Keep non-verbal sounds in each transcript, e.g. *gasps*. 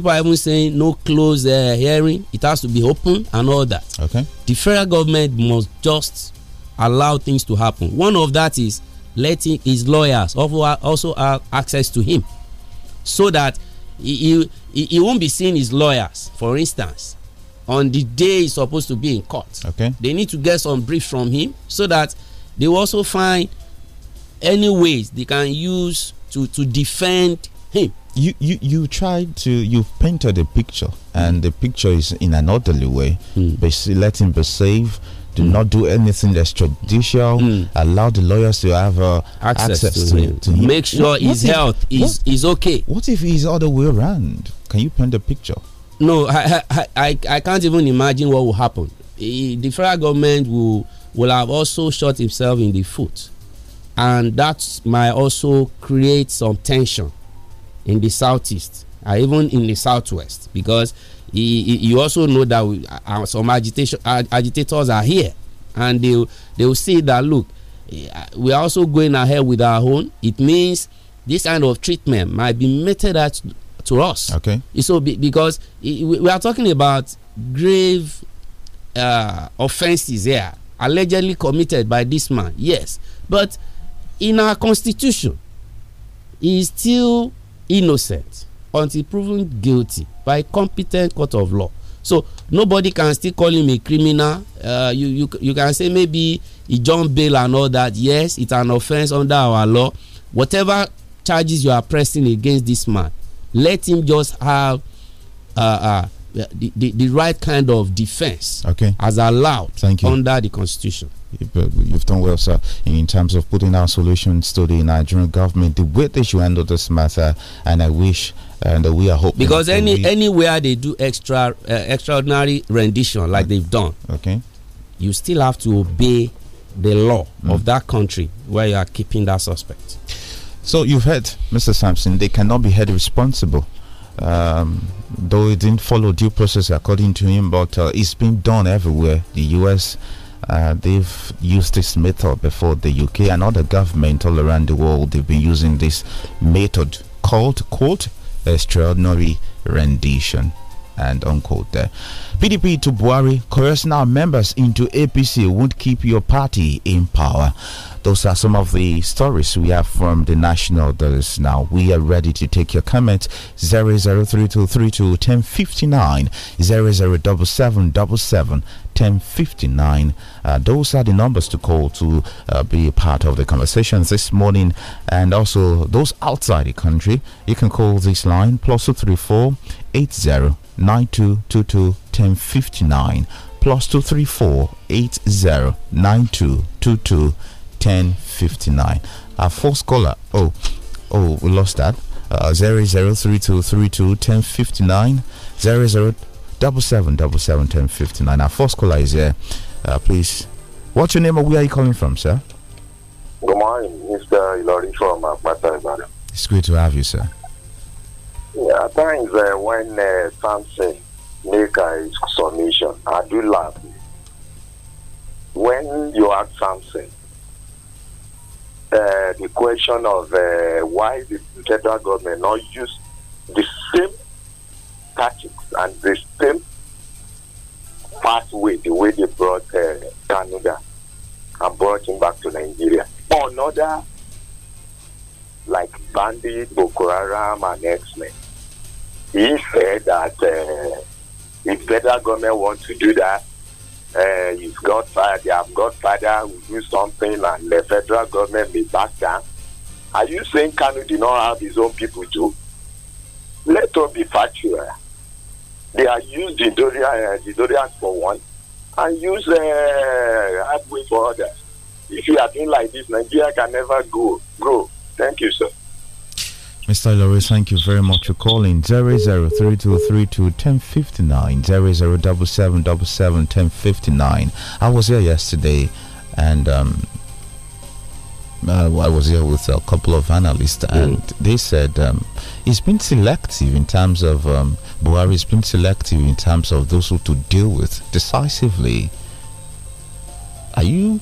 People are even saying no closed uh, hearing, it has to be open and all that. Okay. The federal government must just allow things to happen. One of that is letting his lawyers also have access to him so that he, he, he won't be seeing his lawyers, for instance, on the day he's supposed to be in court. Okay. They need to get some brief from him so that they will also find any ways they can use to, to defend him you, you you try to you've painted a picture and the picture is in an orderly way mm. Basically, let him be safe do mm. not do anything that's traditional. mm. allow the lawyers to have uh, access, access, to, him. To him. make sure what, his what health if, is what, is okay what if he's other way around can you paint the picture no I, I i i, can't even imagine what will happen the federal government will will have also shot himself in the foot and that might also create some tension in the southeast uh, even in the southwest because he, he, you also know that we, uh, uh some agitation uh, agitators are here and they they will see that look uh, we are also going ahead with our own it means this kind of treatment might be meted at to us okay so be, because we are talking about grave uh, offenses here allegedly committed by this man yes but in our constitution he is still innocent until proven guilty by a competent court of law so nobody can still call him a criminal uh, you, you you can say maybe he jumped bail and all that yes it's an offence under our law whatever charges you are pressing against this man let him just have uh, uh, the, the, the right kind of defense okay. as allowed under the constitution you've done well, sir, in terms of putting our solutions to the Nigerian government, the way they should handle this matter. And I wish and we are hoping because any anywhere they do extra uh, extraordinary rendition like mm. they've done, okay, you still have to obey the law mm. of that country where you are keeping that suspect. So you've heard, Mr. Sampson, they cannot be held responsible um, though it didn't follow due process according to him, but uh, it's been done everywhere. The U.S. Uh, they've used this method before the UK and other governments all around the world. They've been using this method called, quote, extraordinary rendition and unquote there. PDP to Buhari, coerce now members into APC won't keep your party in power. Those are some of the stories we have from the national desk now. We are ready to take your comments. 003232 1059. Uh, those are the numbers to call to uh, be part of the conversations this morning. And also, those outside the country, you can call this line plus 234 80 234 80 9222 1059. Our first caller, oh, oh, we lost that. Uh, 003232 Our first caller is there. Uh, please, what's your name and where are you calling from, sir? Good morning, Mr. Ilori from uh, Akpata It's great to have you, sir. Yeah, at times uh, when uh, Samson make a summation, I do laugh. When you ask Samson, uh, the question of uh, why the federal government not use the same tactics and the same pathway, the way they brought uh, Canada and brought him back to Nigeria. Or another, like Bandit, Boko Haram, and X-Men. He said that uh, if federal government wants to do that, uh, eh, is godfather, they have godfather will do something and the federal government may back down. Are you saying Kanu did not have his own people too? Let us be factual. They are used eh, Jidorians uh, for one and use uh, eh, hardware for others. If you are doing like this, Nigeria can never go, grow. Thank you, sir. Mr. Lewis, thank you very much for calling. 0032321059, 0077771059. I was here yesterday and um, uh, I was here with a couple of analysts, and mm. they said um, he's been selective in terms of um, Buhari's been selective in terms of those who to deal with decisively. Are you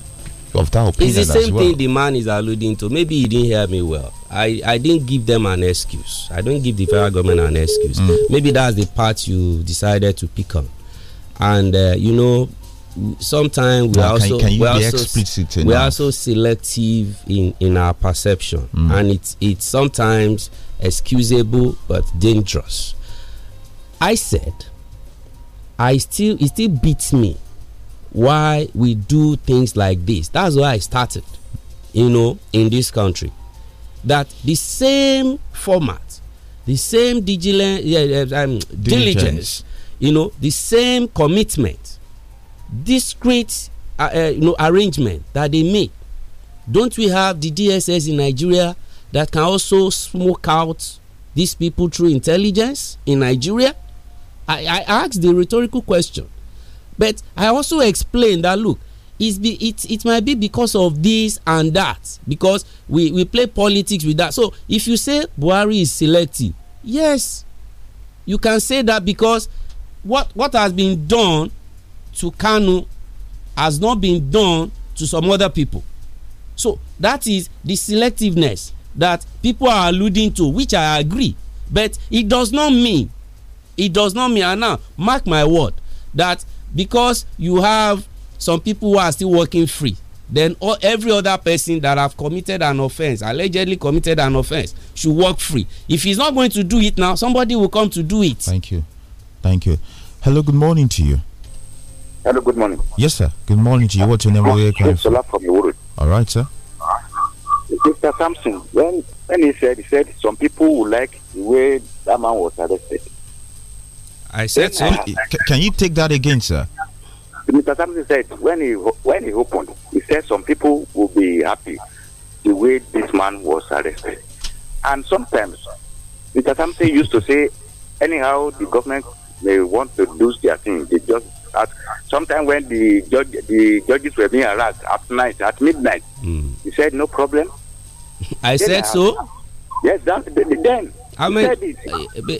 of that opinion It's the same thing the man is alluding to. Maybe he didn't hear me well. I, I didn't give them an excuse. I don't give the federal government an excuse. Mm. Maybe that's the part you decided to pick on. And, uh, you know, sometimes we are also can, can we, also, we also selective in in our perception mm. and it's it's sometimes excusable but dangerous i said i still it still beats me why we do things like this. That's why I started, you know, in this country. That the same format, the same diligence, yeah, um, diligence. diligence. you know, the same commitment, discreet, uh, uh, you know, arrangement that they make. Don't we have the DSS in Nigeria that can also smoke out these people through intelligence in Nigeria? I, I asked the rhetorical question but I also explained that look, it's be, it, it might be because of this and that, because we, we play politics with that. So if you say Buhari is selective, yes, you can say that because what, what has been done to Kanu has not been done to some other people. So that is the selectiveness that people are alluding to, which I agree. But it does not mean, it does not mean, and now mark my word, that because you have some people who are still working free then all, every other person that have committed an offence allegedly committed an offence should work free if he's not going to do it now somebody will come to do it. thank you thank you hello good morning to you. hello good morning. yes sir good morning to you what's your name where you calling from. from Iwuru. all right sir. Mr. Thompson. when when he said he said some people would like the way that man was arrested I said so. Uh, can, you take that again, sir? Mr. Samson said when he when he opened, he said some people will be happy the way this man was arrested. And sometimes Mr. Samson used to say, anyhow the government may want to do their thing. They just at when the judge the judges were being harassed at night at midnight, mm. he said no problem. I then said I, so. Yes, that then I mean, uh, maybe,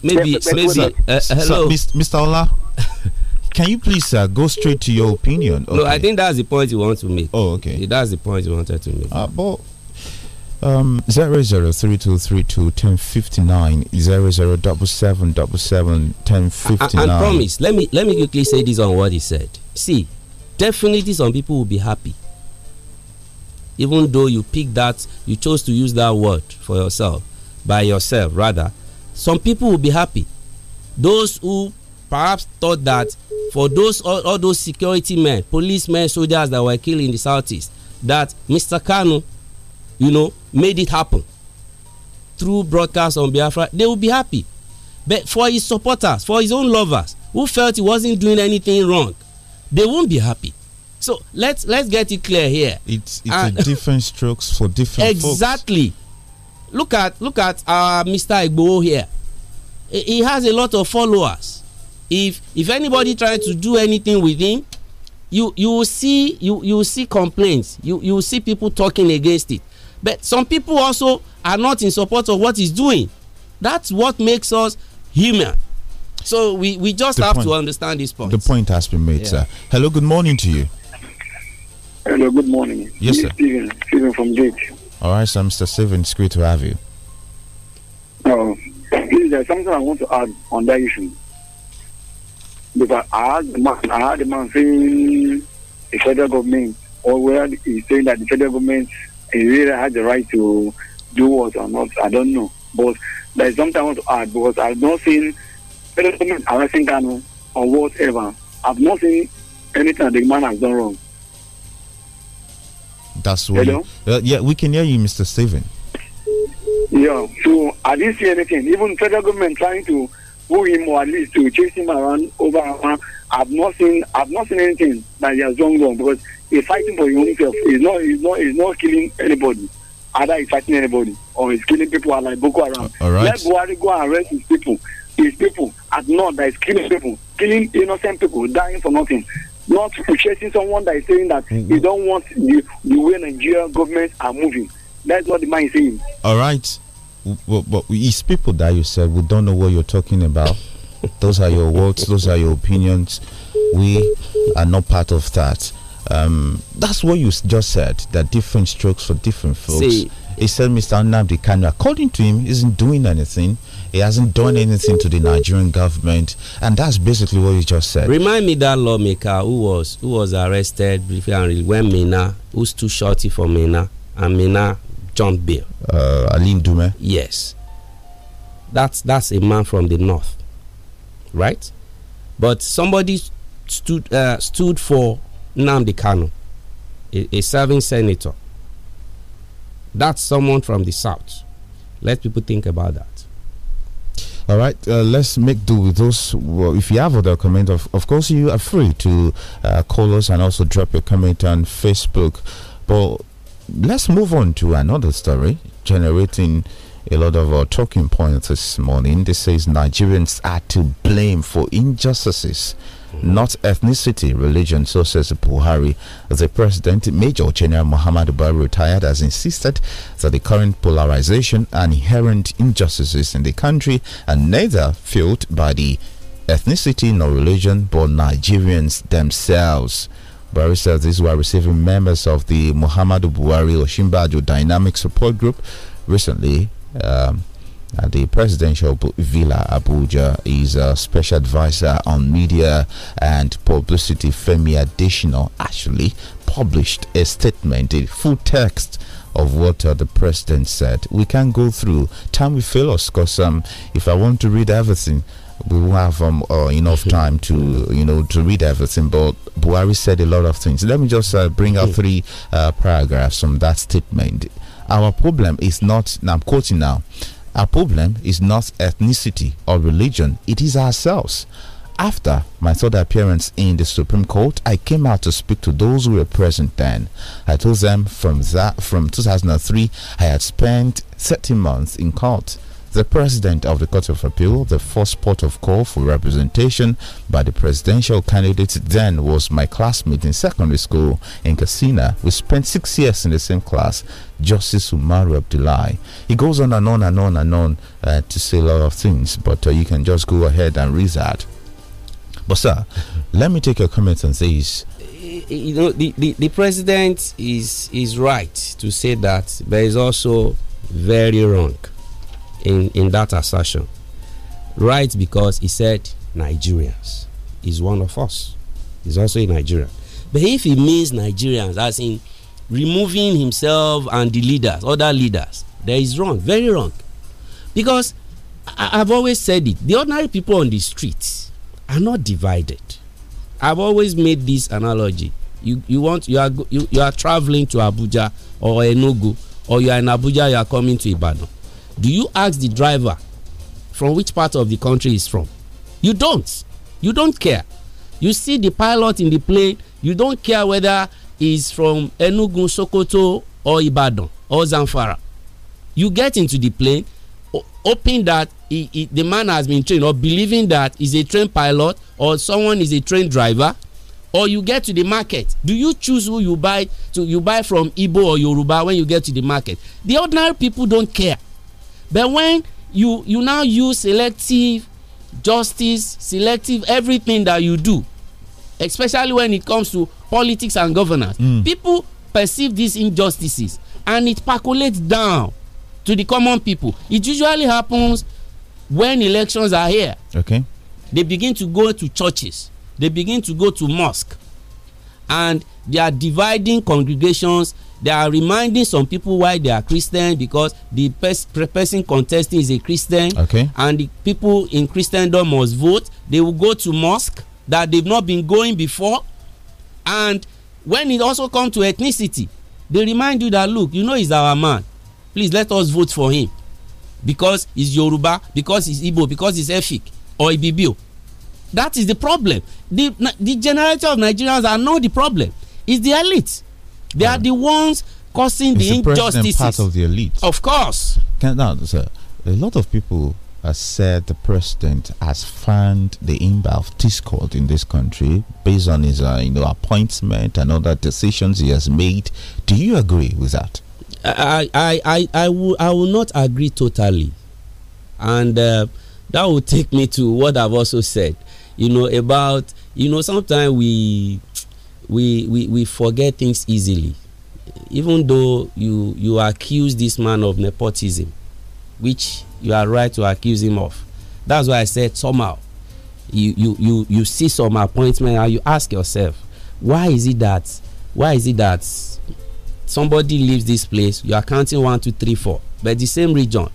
maybe, maybe. Uh, uh hello, Mr. Ola. Can you please uh, go straight to your opinion? Okay. No, I think that's the point you want to make. Oh, okay. That's the point you wanted to make. Uh, but um, zero zero three two three two ten fifty nine zero zero double seven double seven ten fifty nine. And promise, let me let me quickly say this on what he said. See, definitely some people will be happy, even though you pick that you chose to use that word for yourself by yourself rather some people will be happy those who perhaps thought that for those all, all those security men policemen soldiers that were killed in the southeast that mr kanu you know made it happen through broadcast on biafra they will be happy but for his supporters for his own lovers who felt he wasn't doing anything wrong they won't be happy so let's let's get it clear here it's it's different strokes for different exactly folks look at look at uh, Mr. Igbo here. He has a lot of followers. If if anybody tries to do anything with him, you you will see you you will see complaints. You you will see people talking against it. But some people also are not in support of what he's doing. That's what makes us human. So we we just the have point, to understand this point. The point has been made, yeah. sir. Hello, good morning to you. Hello, good morning. Yes, sir. Stephen, Stephen from Gate. All right, so Mr. Steven, it's great to have you. Oh, there's something I want to add on that issue. Because I had the man, I had the man saying the federal government, or where he's saying that the federal government really had the right to do what or not, I don't know. But there's something I want to add because I've not seen federal government arresting Kano or whatever. I've not seen anything that the man has done wrong. That's why. Hello? You, uh, yeah, we can hear you, Mr. Steven. Yeah, so I didn't see anything. Even federal government trying to pull him or at least to chase him around over and over. I've not seen I've not seen anything that he has done wrong because he's fighting for himself. He's not he's not he's not killing anybody. Either he's fighting anybody or he's killing people like Boko Haram. Uh, all right. Let Buhari go and arrest his people. His people at that that is killing people, killing innocent people, dying for nothing not chasing someone that is saying that mm -hmm. you don't want the, the way Nigerian governments are moving. That's what the man is saying. All right. but it's people that you said we don't know what you're talking about. those are your words, those are your opinions. We are not part of that. Um, that's what you just said. That different strokes for different folks. See, he said Mr. Nnamdi Kanu, according to him, isn't doing anything. He hasn't done anything to the Nigerian government, and that's basically what you just said. Remind me that lawmaker who was who was arrested when Mina, who's too shorty for Mina, and Mina John Bill. Uh, Aline Dume. Yes, that's that's a man from the north, right? But somebody stood uh, stood for Namdi Kanu, a, a serving senator. That's someone from the south. Let people think about that. All right, uh, let's make do with those. Well, if you have other comments, of, of course, you are free to uh, call us and also drop your comment on Facebook. But let's move on to another story generating a lot of our talking points this morning. This says Nigerians are to blame for injustices not ethnicity, religion, so says Buhari. The President, Major General Muhammad Buhari, retired, has insisted that the current polarization and inherent injustices in the country are neither fueled by the ethnicity nor religion, but Nigerians themselves. Buhari says these were receiving members of the Muhammad Buhari Oshimbajo Dynamic Support Group recently. Um, at the presidential villa Abuja is a special advisor on media and publicity Femi Additional actually published a statement, the full text of what uh, the president said. We can go through. Time will fail us because um, if I want to read everything, we will have um, uh, enough *laughs* time to you know to read everything. But Buhari said a lot of things. Let me just uh, bring out three uh, paragraphs from that statement. Our problem is not. Now I'm quoting now. Our problem is not ethnicity or religion, it is ourselves. After my third appearance in the Supreme Court, I came out to speak to those who were present then. I told them from that from 2003 I had spent 30 months in court. The president of the Court of Appeal, the first port of call for representation by the presidential candidate, then was my classmate in secondary school in Casina. We spent six years in the same class. Justice Umaru Abdullahi. He goes on and on and on and on uh, to say a lot of things, but uh, you can just go ahead and read that. But, sir, let me take your comments on this. Eh, eh, you know, the, the, the president is, is right to say that, but is also very wrong in, in that assertion. Right, because he said Nigerians. is one of us. He's also a Nigerian. But if he means Nigerians, as in removing himself and the leaders, other leaders, there is wrong, very wrong. Because I, have always said it the ordinary people on the streets are not divided. I've always made this analogy. You, you want you are you, you are traveling to Abuja or Enugu or you are in Abuja you are coming to Ibadan do you ask the driver from which part of the country he's from? You don't. You don't care. You see the pilot in the plane, you don't care whether he's from Enugu, Sokoto, or Ibadan or Zamfara. You get into the plane hoping that he, he, the man has been trained or believing that he's a trained pilot or someone is a trained driver or you get to the market do you choose who you buy to you buy from igbo or yoruba when you get to the market the ordinary people don't care but when you you now use selective justice selective everything that you do especially when it comes to politics and governance mm. people perceive these injustices and it percolates down to the common people it usually happens when elections are here okay they begin to go to churches they begin to go to mosque and they are dividing congregations they are reminding some people why they are christian because the pers person contesting is a christian okay and the people in christendom must vote they will go to mosque that they've not been going before and when it also comes to ethnicity they remind you that look you know he's our man please let us vote for him because he's yoruba because he's igbo because he's efik or ibibio that is the problem the the generality of nigerians are not the problem it's the elite they um, are the ones causing the injustices. part of the elite. Of course. Can, now, sir, a lot of people have said the president has fanned the of discord in this country based on his uh, you know appointment and other decisions he has made. Do you agree with that? I I I, I will I will not agree totally, and uh, that will take me to what I've also said. You know about you know sometimes we we, we, we forget things easily. Even though you, you accuse this man of nepotism, which you are right to accuse him of. That's why I said somehow you, you, you, you see some appointment and you ask yourself, why is it that why is it that somebody leaves this place, you are counting one, two, three, four, but the same region.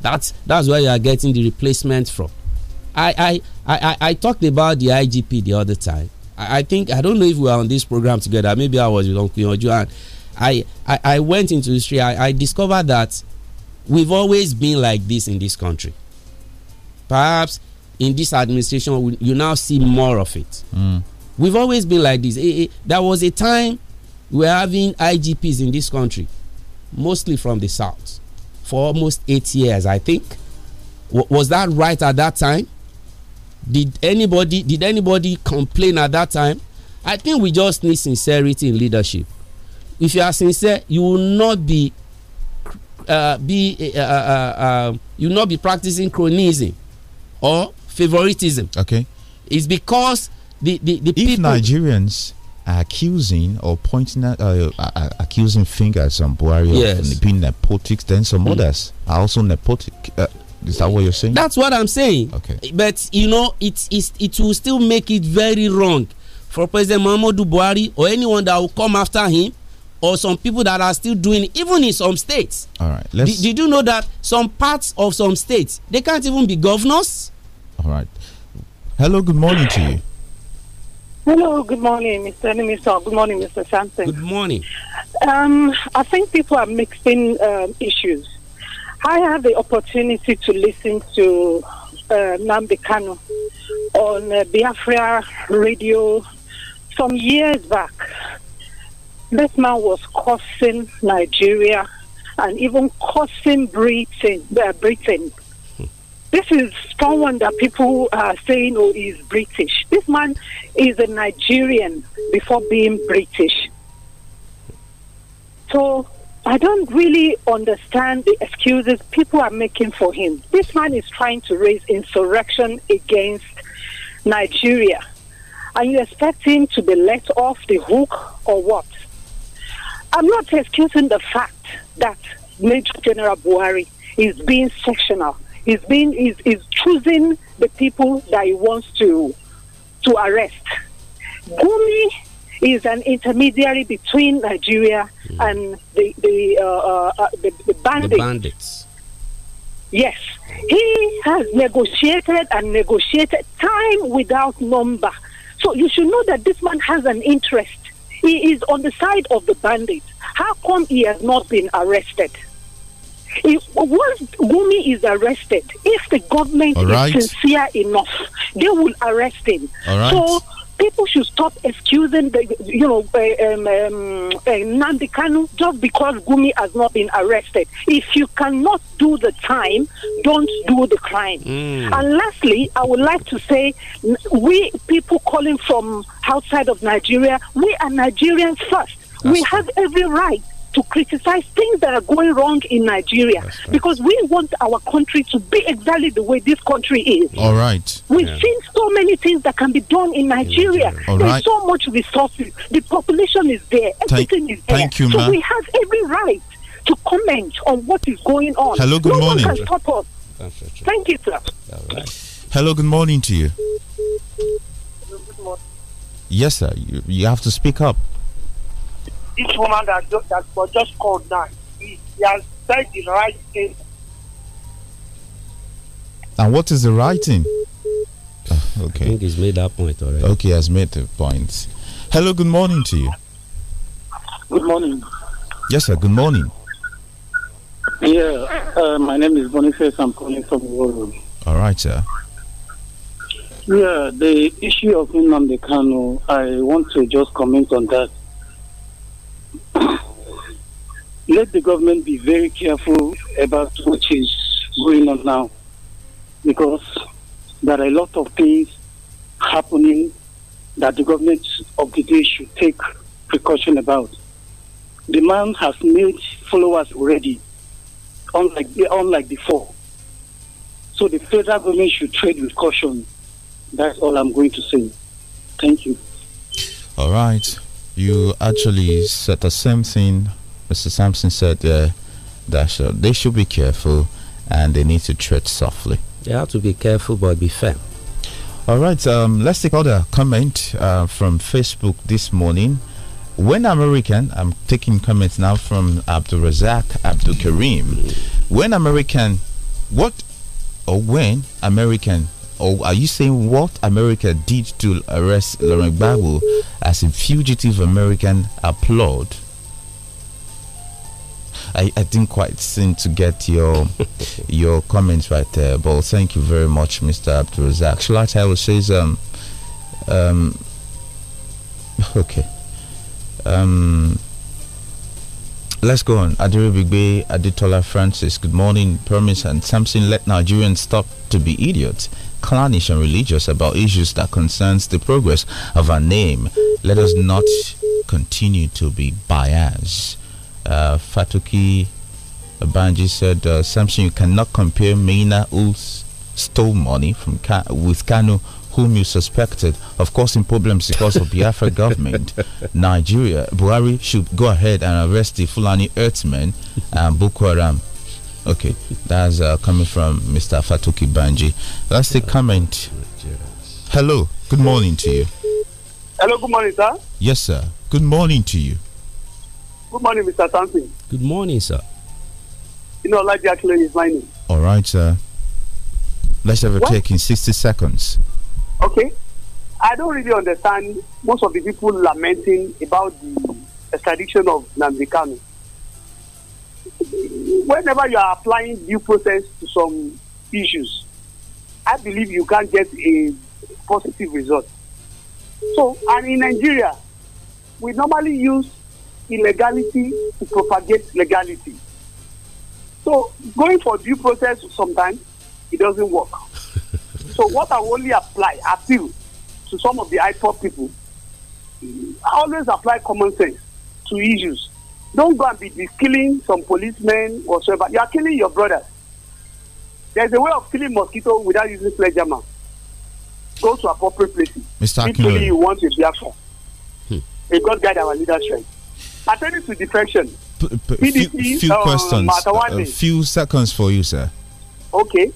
That's that's where you are getting the replacement from. I I I, I talked about the IGP the other time I, I, think I don't know if we are on this program together. Maybe I was with Uncle Yonju and I, I, I went into history. I, I discovered that we've always been like this in this country. Perhaps in this administration, you now see more of it. Mm. We've always been like this. It, eh, it, eh, there was a time we were having IGPs in this country, mostly from the south, for almost eight years, I think. W was that right at that time? Did anybody did anybody complain at that time? I think we just need sincerity in leadership. If you are sincere, you will not be uh, be uh, uh, uh, uh you will not be practicing cronyism or favoritism. Okay, it's because the the, the if people Nigerians are accusing or pointing at, uh, accusing fingers on Buhari yes. being nepotic, then some mm. others are also nepotic. Is that what you're saying? That's what I'm saying. Okay. But you know, it is it will still make it very wrong for President Muhammadu Buhari or anyone that will come after him or some people that are still doing it, even in some states. All right. Let's did, did you know that some parts of some states they can't even be governors? All right. Hello, good morning to you. Hello, good morning, Mr. Minister. Good morning, Mr. Sampson. Good morning. Um, I think people are mixing um, issues I had the opportunity to listen to uh, Nambikano on uh, Biafra radio some years back. This man was cursing Nigeria and even cursing Britain. Uh, Britain. This is someone that people are saying, oh, he's British. This man is a Nigerian before being British. So I don't really understand the excuses people are making for him. This man is trying to raise insurrection against Nigeria. And you expect him to be let off the hook or what? I'm not excusing the fact that Major General Buhari is being sectional. He's being is is choosing the people that he wants to to arrest. Gumi is an intermediary between Nigeria mm. and the the, uh, uh, uh, the, the, bandits. the bandits. Yes, he has negotiated and negotiated time without number. So you should know that this man has an interest. He is on the side of the bandits. How come he has not been arrested? If, once Gumi is arrested, if the government right. is sincere enough, they will arrest him. All right. So people should stop excusing the, you know, uh, um, um, eh, Kanu just because Gumi has not been arrested. If you cannot do the time, don't do the crime. Mm. And lastly, I would like to say, we people calling from outside of Nigeria, we are Nigerians first. That's we have every right to criticize things that are going wrong in Nigeria right. because we want our country to be exactly the way this country is. All right. We've yeah. seen so many things that can be done in Nigeria. In Nigeria. There's right. so much resources. The population is there. Everything is there. Thank you, so we have every right to comment on what is going on. Hello, good no morning. One can stop us. Thank you, sir. Hello, good morning to you. good morning. Yes, sir. You, you have to speak up this woman that, that was just called now, he, he has said the right thing. And what is the writing? Ah, okay. I think he's made that point already. Okay, has made the point. Hello, good morning to you. Good morning. Yes, sir, good morning. Yeah, uh, my name is Boniface. I'm calling from world All right, sir. Yeah, the issue of Nnamdi Kanu, I want to just comment on that let the government be very careful about what is going on now because there are a lot of things happening that the government of the day should take precaution about. The man has made followers already, unlike, unlike before. So the federal government should trade with caution. That's all I'm going to say. Thank you. All right you actually said the same thing Mr. Sampson said there that uh, they should be careful and they need to tread softly. They have to be careful but be fair. All right, um, let's take other comment uh, from Facebook this morning. When American, I'm taking comments now from Abdul Razak Abdul Karim. When American, what or when American or oh, are you saying what America did to arrest Laurent Gbagbo as a fugitive American applaud? I, I didn't quite seem to get your *laughs* your comments right there, but thank you very much, Mr. Abdulrazak. Shalat Hailu says, um, um, *laughs* okay, um, let's go on. Adiribigbe Aditola Francis, good morning, Promise and Samson, let Nigerians stop to be idiots clannish and religious about issues that concerns the progress of our name. Let us not continue to be biased. Uh, Fatuki Banji said, uh, Samson, you cannot compare Mina who stole money from Ka with Kanu whom you suspected of causing problems because of Biafra *laughs* government, Nigeria, Buhari should go ahead and arrest the Fulani earthmen and Boko Haram Okay, that's uh, coming from Mr. Fatuki Banji. That's the comment. Hello, good morning to you. Hello, good morning, sir. Yes, sir. Good morning to you. Good morning, Mr. Thompson. Good morning, sir. You know, like the actually is my name. All right, sir. Let's have a what? take in 60 seconds. Okay. I don't really understand most of the people lamenting about the extradition of Namdekanu whenever you are applying due process to some issues, I believe you can get a positive result. So, and in Nigeria, we normally use illegality to propagate legality. So, going for due process sometimes it doesn't work. *laughs* so, what I only apply, appeal to some of the IPOP people, I always apply common sense to issues don't go and be, be killing some policemen or whatever. You are killing your brother. There's a way of killing mosquito without using sledgehammer. Go to appropriate places. Mr. Actually, you want a Biafra. Hmm. A God guide our leadership. Attending to defection. few, few uh, questions. Uh, a few seconds for you, sir. Okay.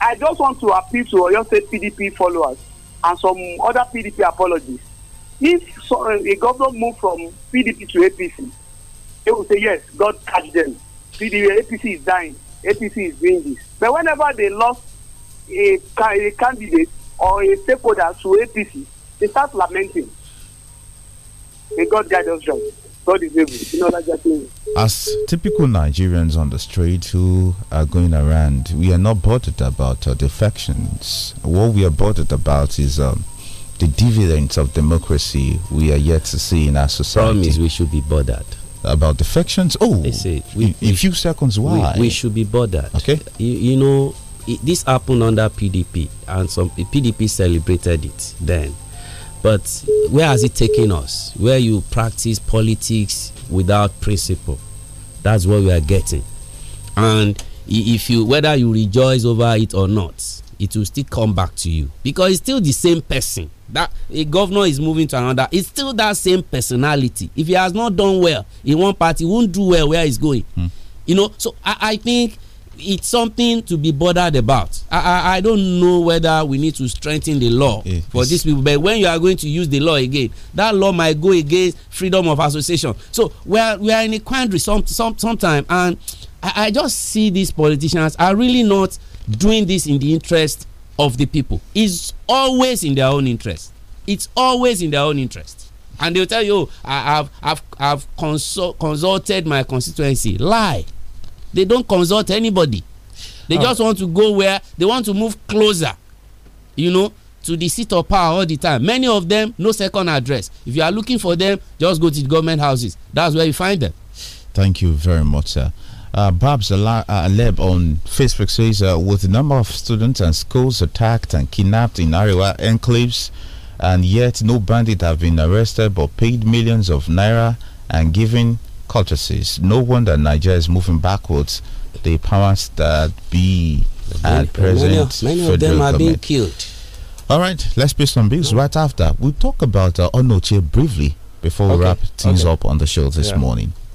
I just want to appeal to Oyo State PDP followers and some other PDP apologies. If so, uh, a government moved from PDP to APC, they will say, yes, God catch them. PDP, APC is dying. APC is doing this. But whenever they lost a, a candidate or a stakeholder to APC, they start lamenting. May God guide us, John. God is able. You know, like As typical Nigerians on the street who are going around, we are not bothered about uh, defections. What we are bothered about is. Um, the dividends of democracy we are yet to see in our society. Problem is we should be bothered about defections. Oh, they say we, in, a few seconds. Why we, we, should be bothered? Okay, you, you know it, this happened under PDP, and some PDP celebrated it then. But where has it taken us? Where you practice politics without principle, that's what we are getting. And if you whether you rejoice over it or not, it will still come back to you because it's still the same person that a governor is moving to another it's still that same personality if he has not done well in one party won't do well where he's going mm. you know so I, I think it's something to be bothered about I, I, I don't know whether we need to strengthen the law yeah, for these people but when you are going to use the law again that law might go against freedom of association so we are we are in a quandary some some sometime and I, I just see these politicians are really not doing this in the interest of the people. is always in their own interest. It's always in their own interest. And they'll tell you, oh, I, have I've, I've consulted my constituency. Lie. They don't consult anybody. They oh. just want to go where they want to move closer, you know, to the seat of power all the time. Many of them, no second address. If you are looking for them, just go to the government houses. That's where you find them. Thank you very much, sir. Uh, Babs uh, Aleb on Facebook says, uh, with the number of students and schools attacked and kidnapped in Ariwa enclaves, and yet no bandit have been arrested but paid millions of naira and given courtesies. No wonder Nigeria is moving backwards. The powers that be at present many, of them are being killed. All right, let's pay some bills yeah. right after. We'll talk about uh, Onoche briefly before okay. we wrap things okay. up on the show this yeah. morning.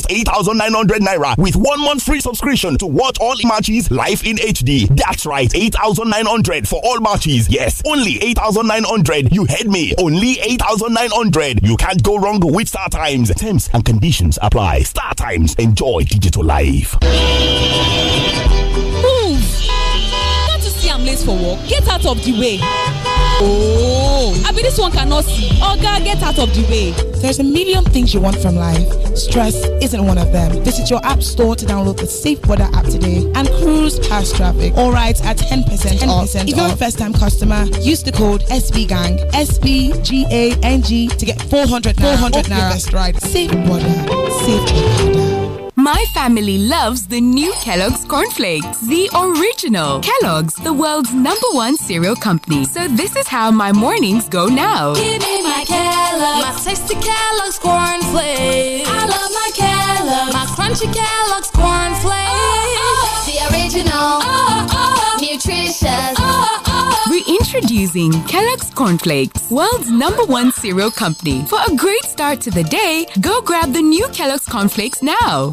just 8,900 naira with one month free subscription to watch all matches live in HD. That's right, 8,900 for all matches. Yes, only 8,900. You heard me. Only 8,900. You can't go wrong with Star Times. Terms and conditions apply. Star Times. Enjoy digital life. Move! Got to see I'm late for work. Get out of the way. Oh. I mean, this one cannot see. Oh, girl, get out of the way. There's a million things you want from life. Stress isn't one of them. Visit your app store to download the Safe Weather app today and cruise past traffic. All rides at 10%, 10% off. If you're a first time customer, use the code SBGANG, SBGANG to get 400 400 naira. Off best ride. Safe Weather. Safe Weather. My family loves the new Kellogg's cornflakes, the original. Kellogg's, the world's number one cereal company. So this is how my mornings go now. Give me my Kellogg's, my tasty Kellogg's cornflakes. I love my Kellogg's, my crunchy Kellogg's cornflakes. Oh, oh, oh. the original, oh, oh, oh. nutritious. Reintroducing Kellogg's cornflakes, world's number one cereal company. For a great start to the day, go grab the new Kellogg's cornflakes now.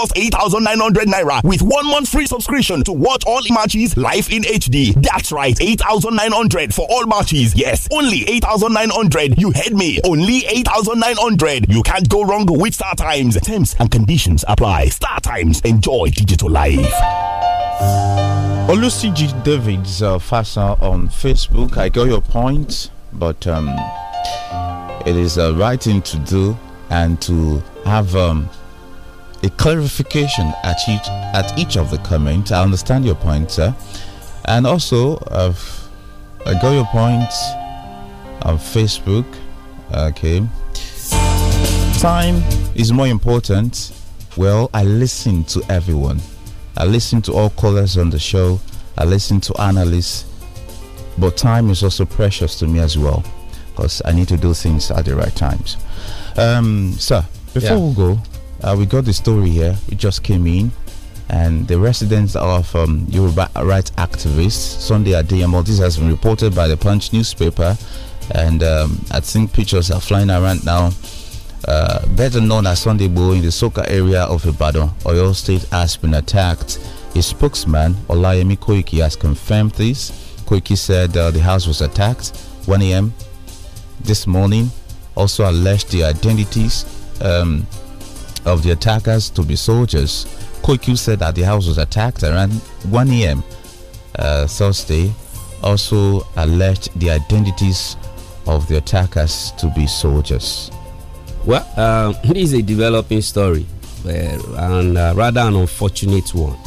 just 8,900 naira with one month free subscription to watch all matches live in HD. That's right, 8,900 for all matches. Yes, only 8,900. You heard me. Only 8,900. You can't go wrong with Star Times. Terms and conditions apply. Star Times. Enjoy digital life. Olusiji David's uh, Fasa on Facebook. I got your point, but um, it is the uh, right thing to do and to have um, a clarification at each at each of the comments. I understand your point, sir, and also uh, I got your point on Facebook. Okay, time is more important. Well, I listen to everyone. I listen to all callers on the show. I listen to analysts, but time is also precious to me as well because I need to do things at the right times. Um, sir, before yeah. we go, uh, we got the story here. We just came in, and the residents of um, Yoruba rights activists Sunday Adeyemo. This has been reported by the Punch newspaper, and um, I think pictures are flying around now. Uh, better known as Sunday Boy in the Soka area of Ibadan, Oyo State has been attacked. His spokesman, Olayemi Koiki, has confirmed this. Koiki said uh, the house was attacked 1 a.m. this morning. Also alleged the identities um, of the attackers to be soldiers. Koiku said that the house was attacked around 1 a.m. Uh, Thursday. Also alleged the identities of the attackers to be soldiers. Well, uh, *clears throat* this is a developing story uh, and uh, rather an unfortunate one.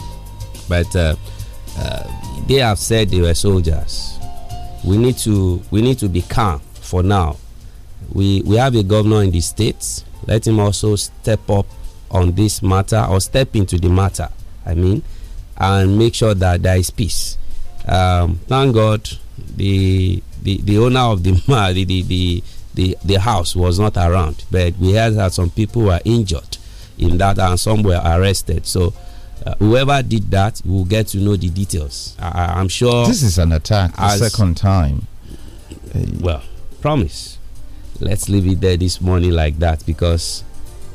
But uh, uh, they have said they were soldiers. We need to we need to be calm for now. We we have a governor in the states let him also step up on this matter or step into the matter, I mean, and make sure that there is peace. Um, thank God the, the the owner of the, *laughs* the, the, the, the house was not around, but we heard that some people were injured in that and some were arrested. So, uh, whoever did that will get to know the details. I, am sure. This is an attack, the second time. Well, promise let's leave it there this morning like that because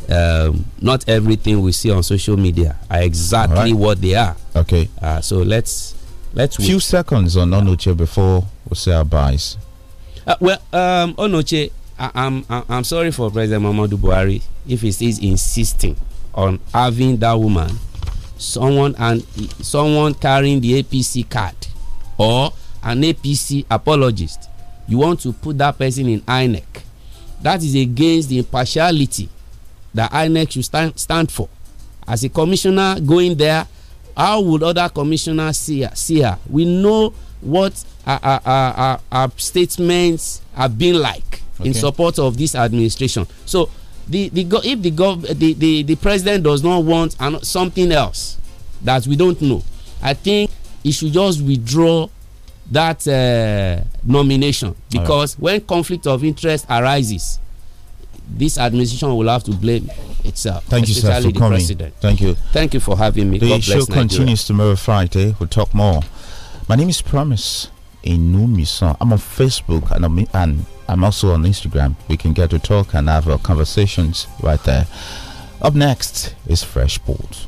um, not everything we see on social media are exactly right. what they are. Okay. Uh, so let's let's few wait. seconds on Onoche before we say our buys. Uh, well, um, Onoche, I, am I'm, I'm sorry for President Muhammadu Buhari if he is insisting on having that woman, someone and someone carrying the APC card or an APC apologist. You want to put that person in INEC that is against the impartiality that INEC should stand, stand for. As a commissioner going there, how would other commissioners see her? See her? We know what our, our, our, our statements have been like okay. in support of this administration. So, the, the if the, gov, the, the, the president does not want something else that we don't know, I think he should just withdraw that uh, nomination because right. when conflict of interest arises, this administration will have to blame itself. Thank you, sir, for coming. President. Thank you. Thank you for having me. The God show continues tomorrow Friday. We'll talk more. My name is Promise Inumison. I'm on Facebook and I'm, and I'm also on Instagram. We can get to talk and have our conversations right there. Up next is Fresh Port.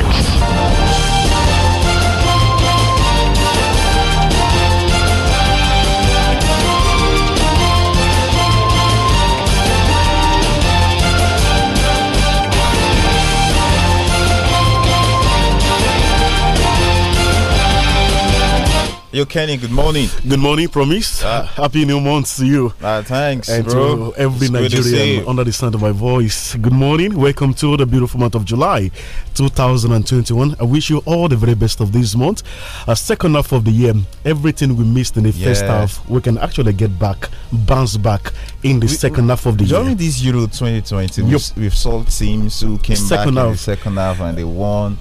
Yo, Kenny, good morning. Good morning, Promise. Uh, Happy new month to you. Uh, thanks, and bro. To every it's Nigerian under the sound of my voice. Good morning. Welcome to the beautiful month of July 2021. I wish you all the very best of this month. A uh, second half of the year, everything we missed in the yeah. first half, we can actually get back, bounce back in the we, second half of the during year. During this Euro 2020, yep. we've, saw teams who came second back half. in the second half and they won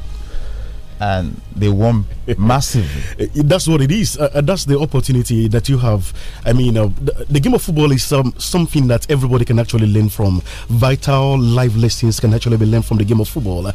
and they won massively. *laughs* Eh, that's what it is. Uh, uh, that's the opportunity that you have. I mean, uh, the, the, game of football is um, something that everybody can actually learn from. Vital life lessons can actually be learned from the game of football. Uh,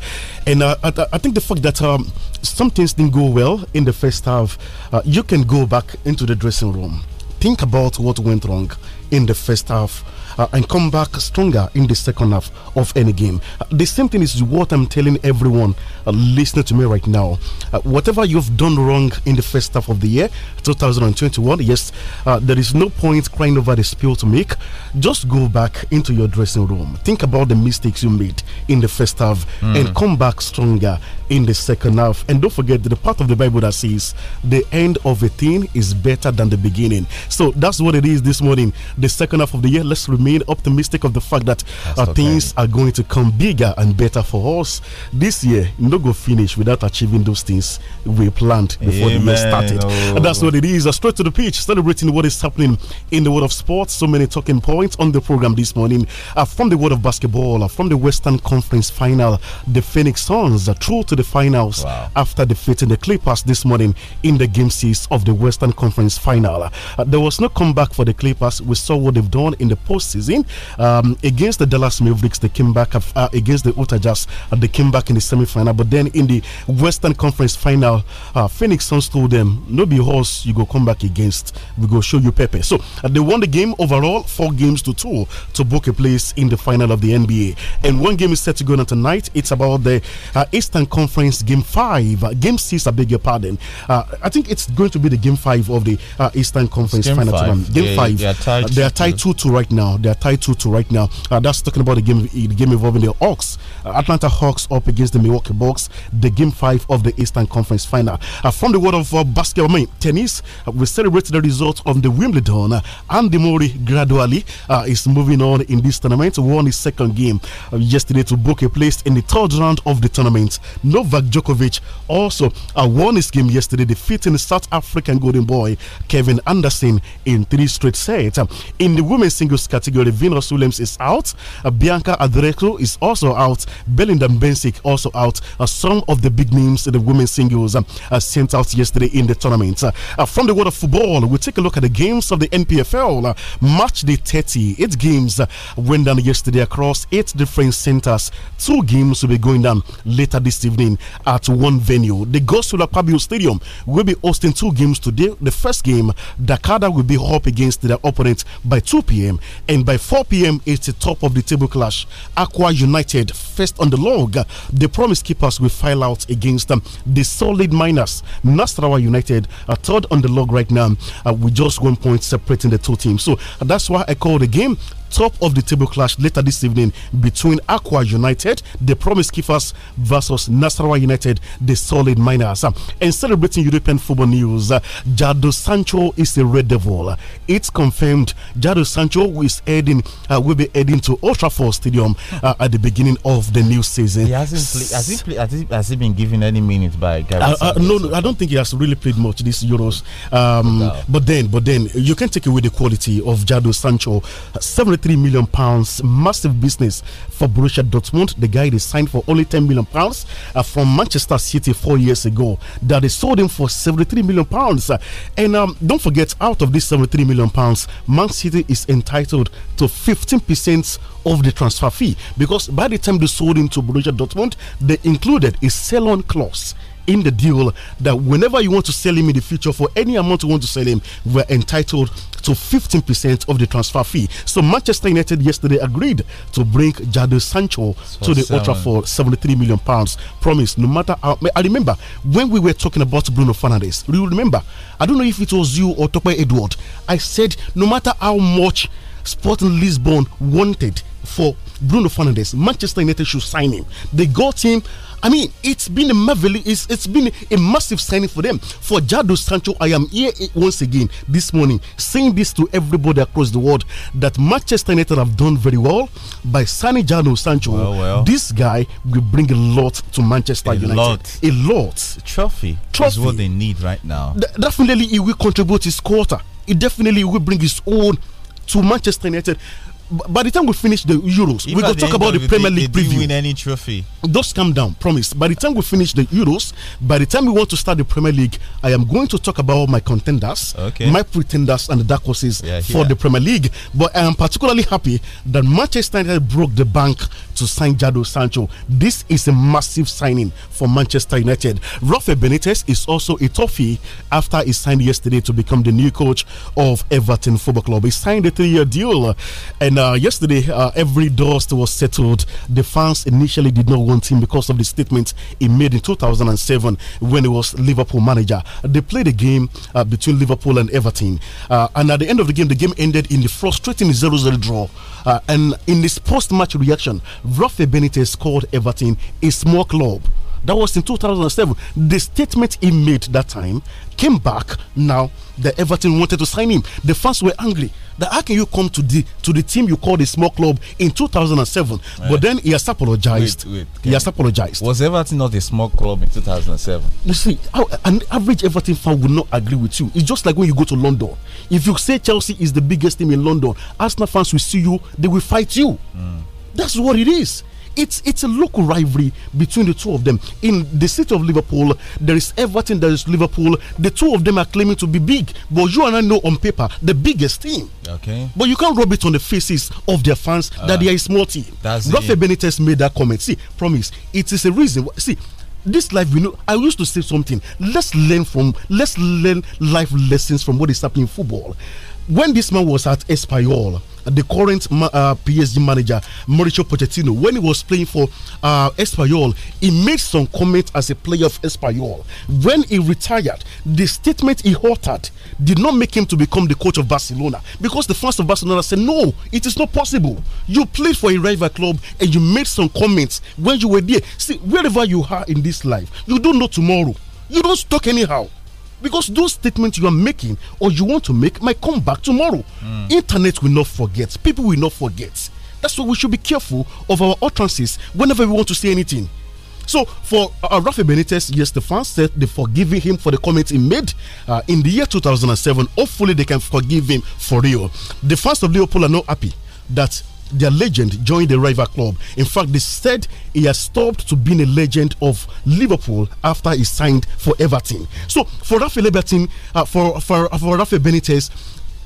and uh, I, I, think the fact that um, some things didn't go well in the first half, uh, you can go back into the dressing room, think about what went wrong in the first half uh, and come back stronger in the second half of any game. Uh, the same thing is what I'm telling everyone uh, listening to me right now. Uh, whatever you've done wrong in the first half of the year, 2021, yes, uh, there is no point crying over the spill to make. Just go back into your dressing room. Think about the mistakes you made in the first half mm. and come back stronger in the second half. And don't forget the part of the Bible that says the end of a thing is better than the beginning. So that's what it is this morning. The second half of the year, let's remember remain optimistic of the fact that uh, things okay. are going to come bigger and better for us this year. No go finish without achieving those things we planned before Amen. the year started. Oh. that's what it is. Uh, straight to the pitch, celebrating what is happening in the world of sports. So many talking points on the program this morning uh, from the world of basketball, uh, from the Western Conference final. The Phoenix Suns are through to the finals wow. after defeating the Clippers this morning in the game six of the Western Conference final. Uh, there was no comeback for the Clippers. We saw what they've done in the postseason season. Um, against the Dallas Mavericks, they came back uh, against the Utah Jazz, uh, they came back in the semi-final. But then in the Western Conference final, uh, Phoenix Suns told them, "No be horse, you go come back against. We go show you Pepe." So uh, they won the game overall, four games to two, to book a place in the final of the NBA. And one game is set to go on tonight. It's about the uh, Eastern Conference Game Five, uh, Game Six. I beg your pardon. I think it's going to be the Game Five of the Eastern Conference Game Final. Five. Game Five. They are tied, they are tied two, two right now they're tied 2 2 right now. Uh, that's talking about the game, the game involving the Hawks. Uh, Atlanta Hawks up against the Milwaukee Bucks, the game five of the Eastern Conference final. Uh, from the world of uh, basketball, I mean, tennis, uh, we celebrate the results of the Wimbledon. Uh, Andy Murray gradually uh, is moving on in this tournament, won his second game yesterday to book a place in the third round of the tournament. Novak Djokovic also won his game yesterday, defeating South African Golden Boy Kevin Anderson in three straight sets. in the women's singles category, category, Venus Williams is out. Uh, Bianca Adreco is also out. Belinda Bensic also out. Uh, some of the big names in the women's singles uh, uh, sent out yesterday in the tournament. Uh, uh, from the world of football, we will take a look at the games of the NPFL. match day 30, eight games went down yesterday across eight different centers. Two games will be going down later this evening at one venue. The Gosula Pabio Stadium will be hosting two games today. The first game, Dakada will be up against their opponent by 2 p.m. and by 4 p.m., it's the top of the table clash. Aqua United first on the log. The promise keepers will file out against um, the solid miners. Nasrawa United are third on the log right now uh, with just one point separating the two teams. So uh, that's why I call the game top of the table clash later this evening between Aqua United, the Promise Keepers, versus Nasarawa United, the Solid Miners. Uh, and celebrating European football news, uh, Jado Sancho is a Red Devil. It's confirmed Jado Sancho is heading, uh, will be heading to Ultra Four Stadium uh, at the beginning of the new season. He hasn't play, has, he play, has, he, has, he been given any minutes by Gary uh, uh No, no, I don't think he has really played much this Euros. Um, no. But then, but then you can take away the quality of Jado Sancho. Seven 43 million pounds. Massive business for Borussia Dortmund. The guy they signed for only 10 million pounds uh, from Manchester City four years ago. That they sold him for 73 million pounds. Uh, and um, don't forget, out of this 73 million pounds, Man City is entitled to 15% of the transfer fee because by the time they sold him to Borussia Dortmund, they included a sell-on clause in the deal that whenever you want to sell him in the future for any amount you want to sell him, we're entitled to 15% of the transfer fee. So Manchester United yesterday agreed to bring Jadon Sancho to the seven. Ultra for 73 million pounds. Promise, no matter how. I remember when we were talking about Bruno Fernandez. You remember? I don't know if it was you or Tope Edward. I said no matter how much Sporting Lisbon wanted for Bruno Fernandes. Manchester United should sign him. They got him. I mean, it's been a marvelous, it's, it's been a massive signing for them. For Jadu Sancho, I am here once again this morning saying this to everybody across the world that Manchester United have done very well by signing Jadu Sancho. Well, well. This guy will bring a lot to Manchester a United. Lot. A lot. A trophy. Trophy. Is what they need right now. D definitely, he will contribute his quarter. He definitely will bring his own to Manchester United by the time we finish the Euros, we go talk about the, the Premier League preview. Win any trophy? Just calm down, promise. By the time we finish the Euros, by the time we want to start the Premier League, I am going to talk about my contenders, okay. my pretenders, and the dark horses for the Premier League. But I am particularly happy that Manchester United broke the bank to sign Jado Sancho. This is a massive signing for Manchester United. Rafa Benitez is also a toffee after he signed yesterday to become the new coach of Everton Football Club. He signed a three-year deal, and and uh, yesterday, uh, every dust was settled. The fans initially did not want him because of the statement he made in 2007 when he was Liverpool manager. They played a game uh, between Liverpool and Everton. Uh, and at the end of the game, the game ended in the frustrating 0 0 draw. Uh, and in this post match reaction, Rafa Benitez called Everton a small club. That was in 2007. The statement he made that time came back. Now the Everton wanted to sign him. The fans were angry. That how can you come to the to the team you called a small club in 2007? But then he has apologized. Wait, wait, he has apologized. Was Everton not a small club in 2007? You see, an average Everton fan would not agree with you. It's just like when you go to London. If you say Chelsea is the biggest team in London, Arsenal fans will see you. They will fight you. Mm. That's what it is it's it's a local rivalry between the two of them. In the city of Liverpool, there is everything that is Liverpool. The two of them are claiming to be big, but you and I know on paper the biggest team. Okay. But you can't rub it on the faces of their fans uh, that they are a small team. That's Rafa it. Benitez made that comment. See, promise, it is a reason. See, this life we know i used to say something let's learn from let's learn life lessons from what is happening in football when this man was at Espanyol, the current uh, PSG manager Mauricio Pochettino, when he was playing for uh, Espanyol, he made some comments as a player of Espanyol. When he retired, the statement he uttered did not make him to become the coach of Barcelona because the fans of Barcelona said, "No, it is not possible. You played for a rival club and you made some comments when you were there. See, wherever you are in this life, you don't know tomorrow. You don't talk anyhow." because those statements you are making or you want to make might come back tomorrow. Mm. Internet will not forget. People will not forget. That's why we should be careful of our utterances whenever we want to say anything. So for uh, Rafa Benitez, yes, the fans said they forgiving him for the comments he made uh, in the year 2007. Hopefully, they can forgive him for real. The fans of Liverpool are not happy that their legend joined the rival club. In fact, they said he has stopped to being a legend of Liverpool after he signed for Everton. So for Rafael Everton, uh, for for for Rafael Benitez.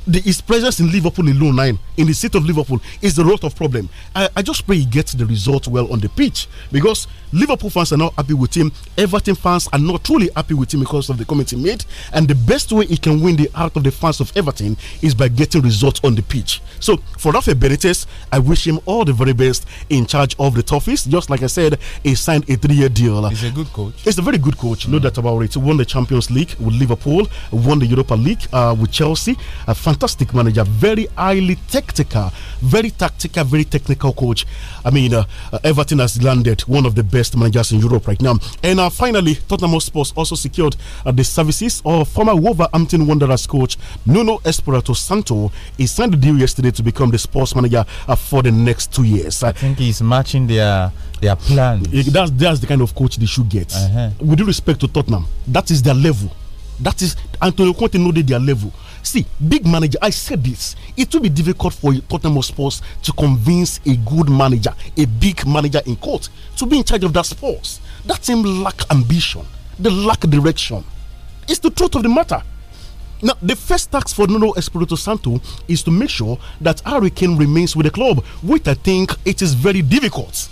The, his presence in Liverpool alone, nine in the city of Liverpool, is a lot of problem. I, I just pray he gets the result well on the pitch because Liverpool fans are not happy with him. Everton fans are not truly happy with him because of the committee he made. And the best way he can win the heart of the fans of Everton is by getting results on the pitch. So for Rafael Benitez, I wish him all the very best in charge of the Toffees. Just like I said, he signed a three-year deal. He's a good coach. He's a very good coach. Mm. No doubt about it. He won the Champions League with Liverpool. Won the Europa League uh, with Chelsea. A fantastic manager. Very highly tactical. Very tactical. Very technical coach. I mean, uh, Everton has landed one of the best best managers in Europe right now. And uh, finally, Tottenham Sports also secured uh, the services of former Wolverhampton Wanderers coach Nuno Espirito Santo. He signed the deal yesterday to become the sports manager uh, for the next two years. I think he's matching their their plans. That's, that's the kind of coach they should get. -huh. With due respect to Tottenham, that is their level. That is Antonio Conte know their level See, big manager, I said this. It will be difficult for Tottenham Sports to convince a good manager, a big manager in court, to be in charge of that sports. That team lack ambition, they lack direction. It's the truth of the matter. Now, the first task for Nuno Espirito Santo is to make sure that Harry Kane remains with the club, which I think it is very difficult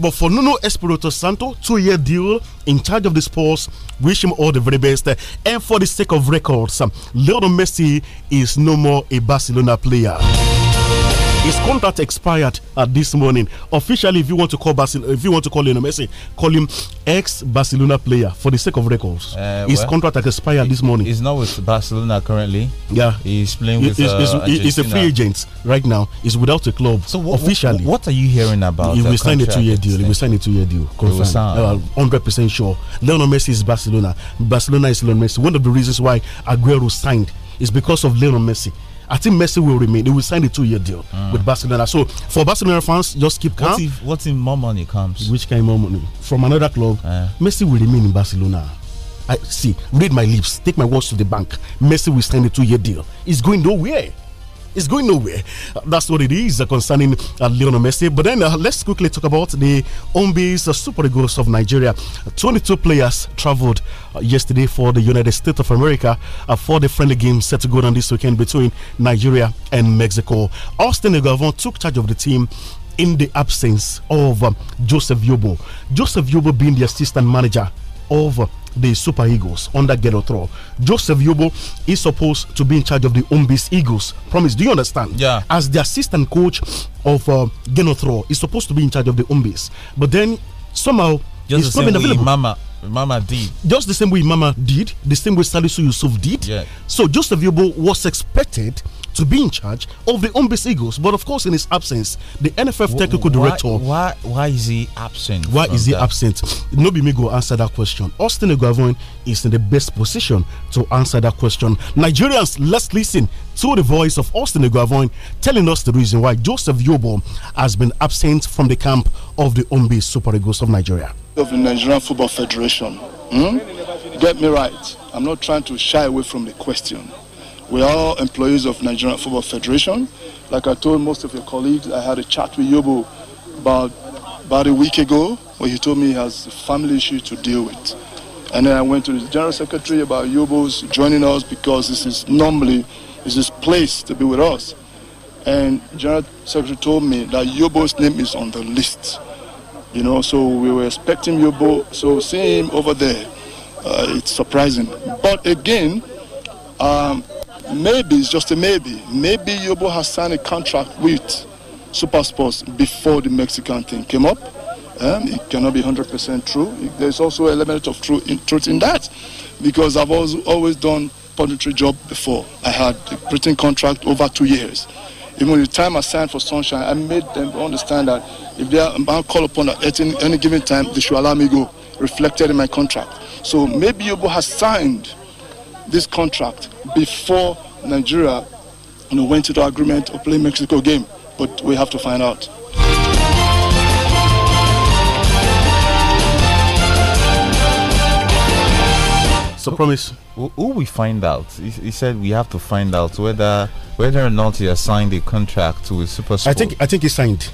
but for Nuno Espirito Santo, two year deal in charge of the sports, wish him all the very best. And for the sake of records, Lionel Messi is no more a Barcelona player. His contract expired at this morning. Officially, if you want to call Barcel if you want to call Lionel Messi, call him ex-Barcelona player for the sake of records. Uh, His well, contract expired he, this morning. He's not with Barcelona currently. Yeah, he's playing with. He's, uh, he's, a free agent right now. He's without a club. So what, officially, what, what are you hearing about? He will sign a two-year deal. He will sign a two-year deal. Confirmed. Hundred percent sure. Lionel Messi is Barcelona. Barcelona is Lionel Messi. One of the reasons why Aguero signed is because of Lionel Messi. I think Messi will remain. They will sign a two-year deal mm. with Barcelona. So for Barcelona fans, just keep calm. What if, what if more money comes? Which kind of money? From another club, uh. Messi will remain in Barcelona. I see. Read my lips. Take my words to the bank. Messi will sign a two-year deal. It's going nowhere is going nowhere. That's what it is concerning uh, Lionel Messi. But then uh, let's quickly talk about the Ombi's uh, Super Eagles of Nigeria. 22 players traveled uh, yesterday for the United States of America for the friendly game set to go on this weekend between Nigeria and Mexico. Austin Egavon took charge of the team in the absence of um, Joseph Yobo. Joseph Yobo being the assistant manager of the Super Eagles under Gelotro. Joseph Yobo is supposed to be in charge of the Umbis Eagles. Promise, do you understand? Yeah. As the assistant coach of uh, is supposed to be in charge of the Umbis. But then somehow Just he's the not been available. Mama. Mama did. Just the same way Mama did, the same way Salisu Yusuf did. Yeah. So Joseph Yobo was expected to be in charge of the Umbis Eagles. But of course, in his absence, the NFF technical why, director. Why, why is he absent? Why is he that? absent? Nobi Migo answered that question. Austin Egavoin is in the best position to answer that question. Nigerians, let's listen to the voice of Austin Egavoin telling us the reason why Joseph Yobo has been absent from the camp of the Umbis Super Eagles of Nigeria. Of the Nigerian Football Federation. Hmm? Get me right. I'm not trying to shy away from the question. We are all employees of Nigerian Football Federation. Like I told most of your colleagues, I had a chat with Yobo about, about a week ago where he told me he has a family issue to deal with. And then I went to the General Secretary about Yobo's joining us because this is normally this is place to be with us. And General Secretary told me that Yobo's name is on the list. You know, so we were expecting Yobo. So seeing him over there, uh, it's surprising. But again, um, maybe, it's just a maybe, maybe Yobo has signed a contract with Super Sports before the Mexican thing came up. Um, it cannot be 100% true. There's also an element of truth in, truth in that because I've also always done punditry job before. I had a written contract over two years. Even the time I signed for Sunshine, I made them understand that if they are called upon at any, any given time, they should allow me go, reflected in my contract. So maybe Yobo has signed this contract before Nigeria you know, went into agreement to play Mexico game, but we have to find out. So promise. Who, we find out? He, said we have to find out whether whether or not he has signed a contract with Super. I think I think he signed.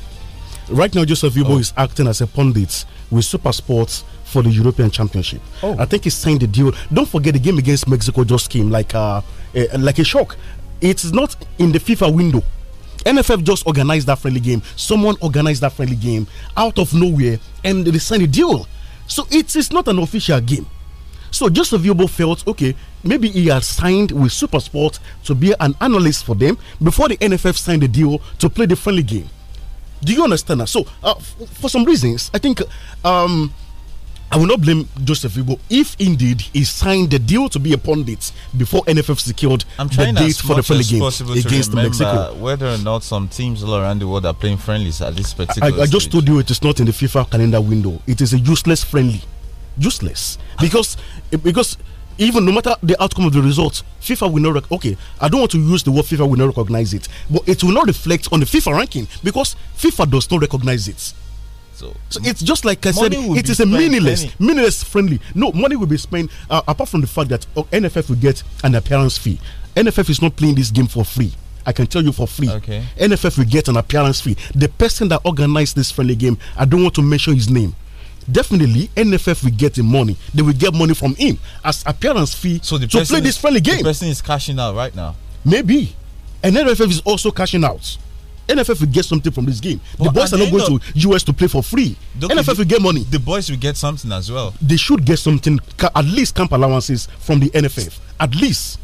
Right now, Joseph Yubo oh. is acting as a pundit with Super Sports for the European Championship. Oh. I think he signed the deal. Don't forget the game against Mexico just came like a, uh, a eh, like a shock. It's not in the FIFA window. NFF just organized that friendly game. Someone organized that friendly game out of nowhere, and they signed a deal. So it is not an official game. So Joseph Yobo felt okay, maybe he had signed with Supersport to be an analyst for them before the NFF signed the deal to play the friendly game. Do you understand that? So uh, for some reasons, I think um, I will not blame Joseph Ibo if indeed he signed the deal to be a pundit before NFF secured the date for the friendly game against Mexico. Whether or not some teams all around the world are playing friendlies at this particular I, I, I just told you it is not in the FIFA calendar window. It is a useless friendly. Useless. Because eh, because even no matter the outcome of the result, FIFA will not. okay, I don't want to use the word FIFA will not recognize it, but it will not reflect on the FIFA ranking because FIFA does not recognize it. So, so it's just like I said, it is a meaningless, penny. meaningless friendly. No, money will be spent uh, apart from the fact that uh, NFF will get an appearance fee. NFF is not playing this game for free. I can tell you for free. Okay. NFF will get an appearance fee. The person that organized this friendly game, I don't want to mention his name definitely NFF will get the money. They will get money from him as appearance fee so the to play is, this friendly game. The person is cashing out right now. Maybe. And NFF is also cashing out. NFF will get something from this game. But the boys are not going not, to US to play for free. NFF will get money. The boys will get something as well. They should get something, at least camp allowances from the NFF. At least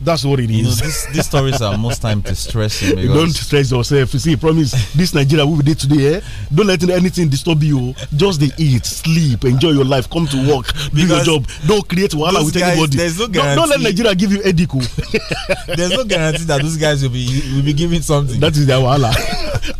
that's what it is. You know, these stories are most time distressing. Don't stress yourself. You see, promise this Nigeria be did today. Eh? Don't let anything disturb you. Just they eat, sleep, enjoy your life, come to work, do your job. Don't create wahala with guys, anybody. There's no guarantee. Don't, don't let Nigeria give you edico. Oh. *laughs* there's no guarantee that those guys will be will be giving something. That is their wahala.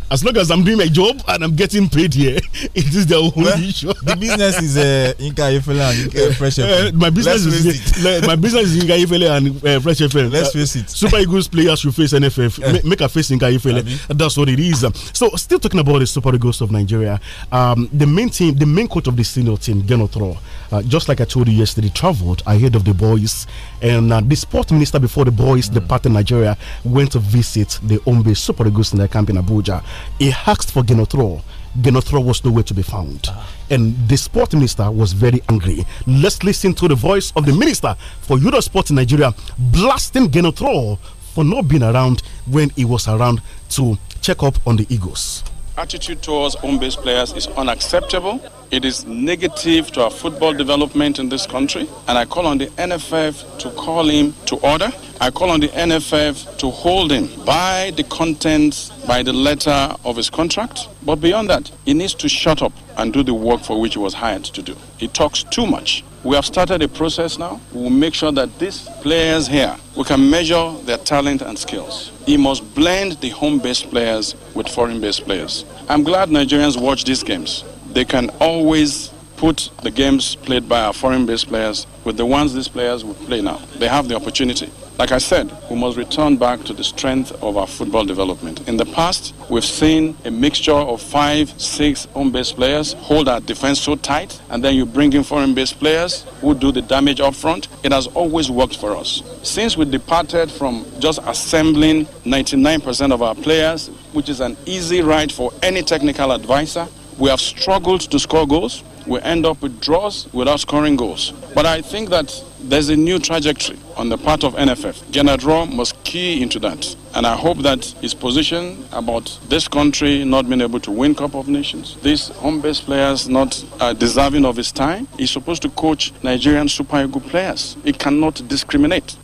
*laughs* as long as I'm doing my job and I'm getting paid here, *laughs* it is their own well, issue. the business is uh, Inka Ifele and Inka Fresh uh, My business Let's is uh, my business is Inka Ifele and uh, Fresh Let's uh, face it. Super Eagles players should face NFF. Eh. Make a face in Ifele. That's what it is. So, still talking about the Super Eagles of Nigeria. Um, the main team, the main coach of the senior team, Genotro, uh, just like I told you yesterday, traveled ahead of the boys. And uh, the sport minister before the boys mm. departed Nigeria went to visit the Ombe Super Eagles in their camp in Abuja. He asked for Genotro Genothro was nowhere to be found. And the sport minister was very angry. Let's listen to the voice of the minister for Euro Sport in Nigeria blasting Genothro for not being around when he was around to check up on the Eagles. Attitude towards home based players is unacceptable it is negative to our football development in this country, and I call on the NFF to call him to order. I call on the NFF to hold him by the contents, by the letter of his contract. But beyond that, he needs to shut up and do the work for which he was hired to do. He talks too much. We have started a process now. We will make sure that these players here, we can measure their talent and skills. He must blend the home-based players with foreign-based players. I'm glad Nigerians watch these games they can always put the games played by our foreign-based players with the ones these players would play now. They have the opportunity. Like I said, we must return back to the strength of our football development. In the past, we've seen a mixture of five, six home-based players hold our defense so tight, and then you bring in foreign-based players who do the damage up front. It has always worked for us. Since we departed from just assembling 99% of our players, which is an easy ride for any technical advisor, we have struggled to score goals. We end up with draws without scoring goals. But I think that there's a new trajectory on the part of NFF. Gennad draw must key into that. And I hope that his position about this country not being able to win Cup of Nations, these home-based players not uh, deserving of his time, he's supposed to coach Nigerian Super Eagle players. He cannot discriminate.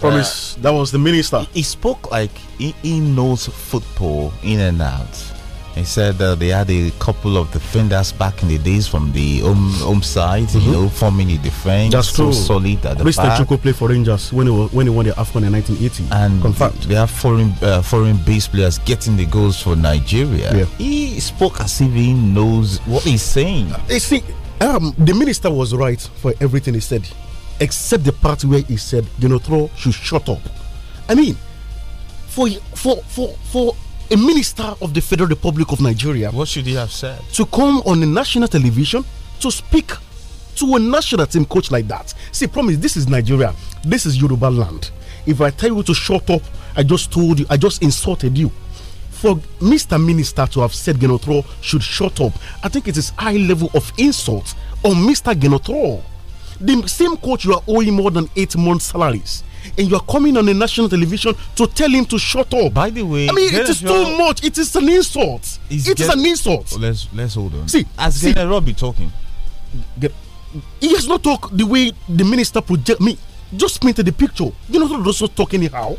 Promise. Uh, that was the minister. He, he spoke like he, he, knows football in and out. He said that they had a couple of defenders back in the days from the home, home side, mm -hmm. you mhm. know, forming the defense. That's so true. solid at the Mr. back. Chuko played for Rangers when he, was, when he won the AFCON in 1980. And Confirmed. they have foreign uh, foreign base players getting the goals for Nigeria. Yeah. He spoke as if he knows what he's saying. Uh, you see, um, the minister was right for everything he said except the part where he said Genotro should shut up. I mean, for for for for a minister of the Federal Republic of Nigeria, what should he have said? To come on the national television to speak to a national team coach like that. See, promise this is Nigeria, this is Yoruba land. If I tell you to shut up, I just told you, I just insulted you. For Mr. Minister to have said Genotro should shut up, I think it is high level of insult on Mr. Genotro the same coach you are owing more than eight months' salaries and you are coming on a national television to tell him to shut up. By the way, I mean it is too much. It is an insult. It's an insult. Oh, let's let's hold on. See, as General be talking, get, he has not talked the way the minister project me. Just painted the picture. You know, not also talk anyhow.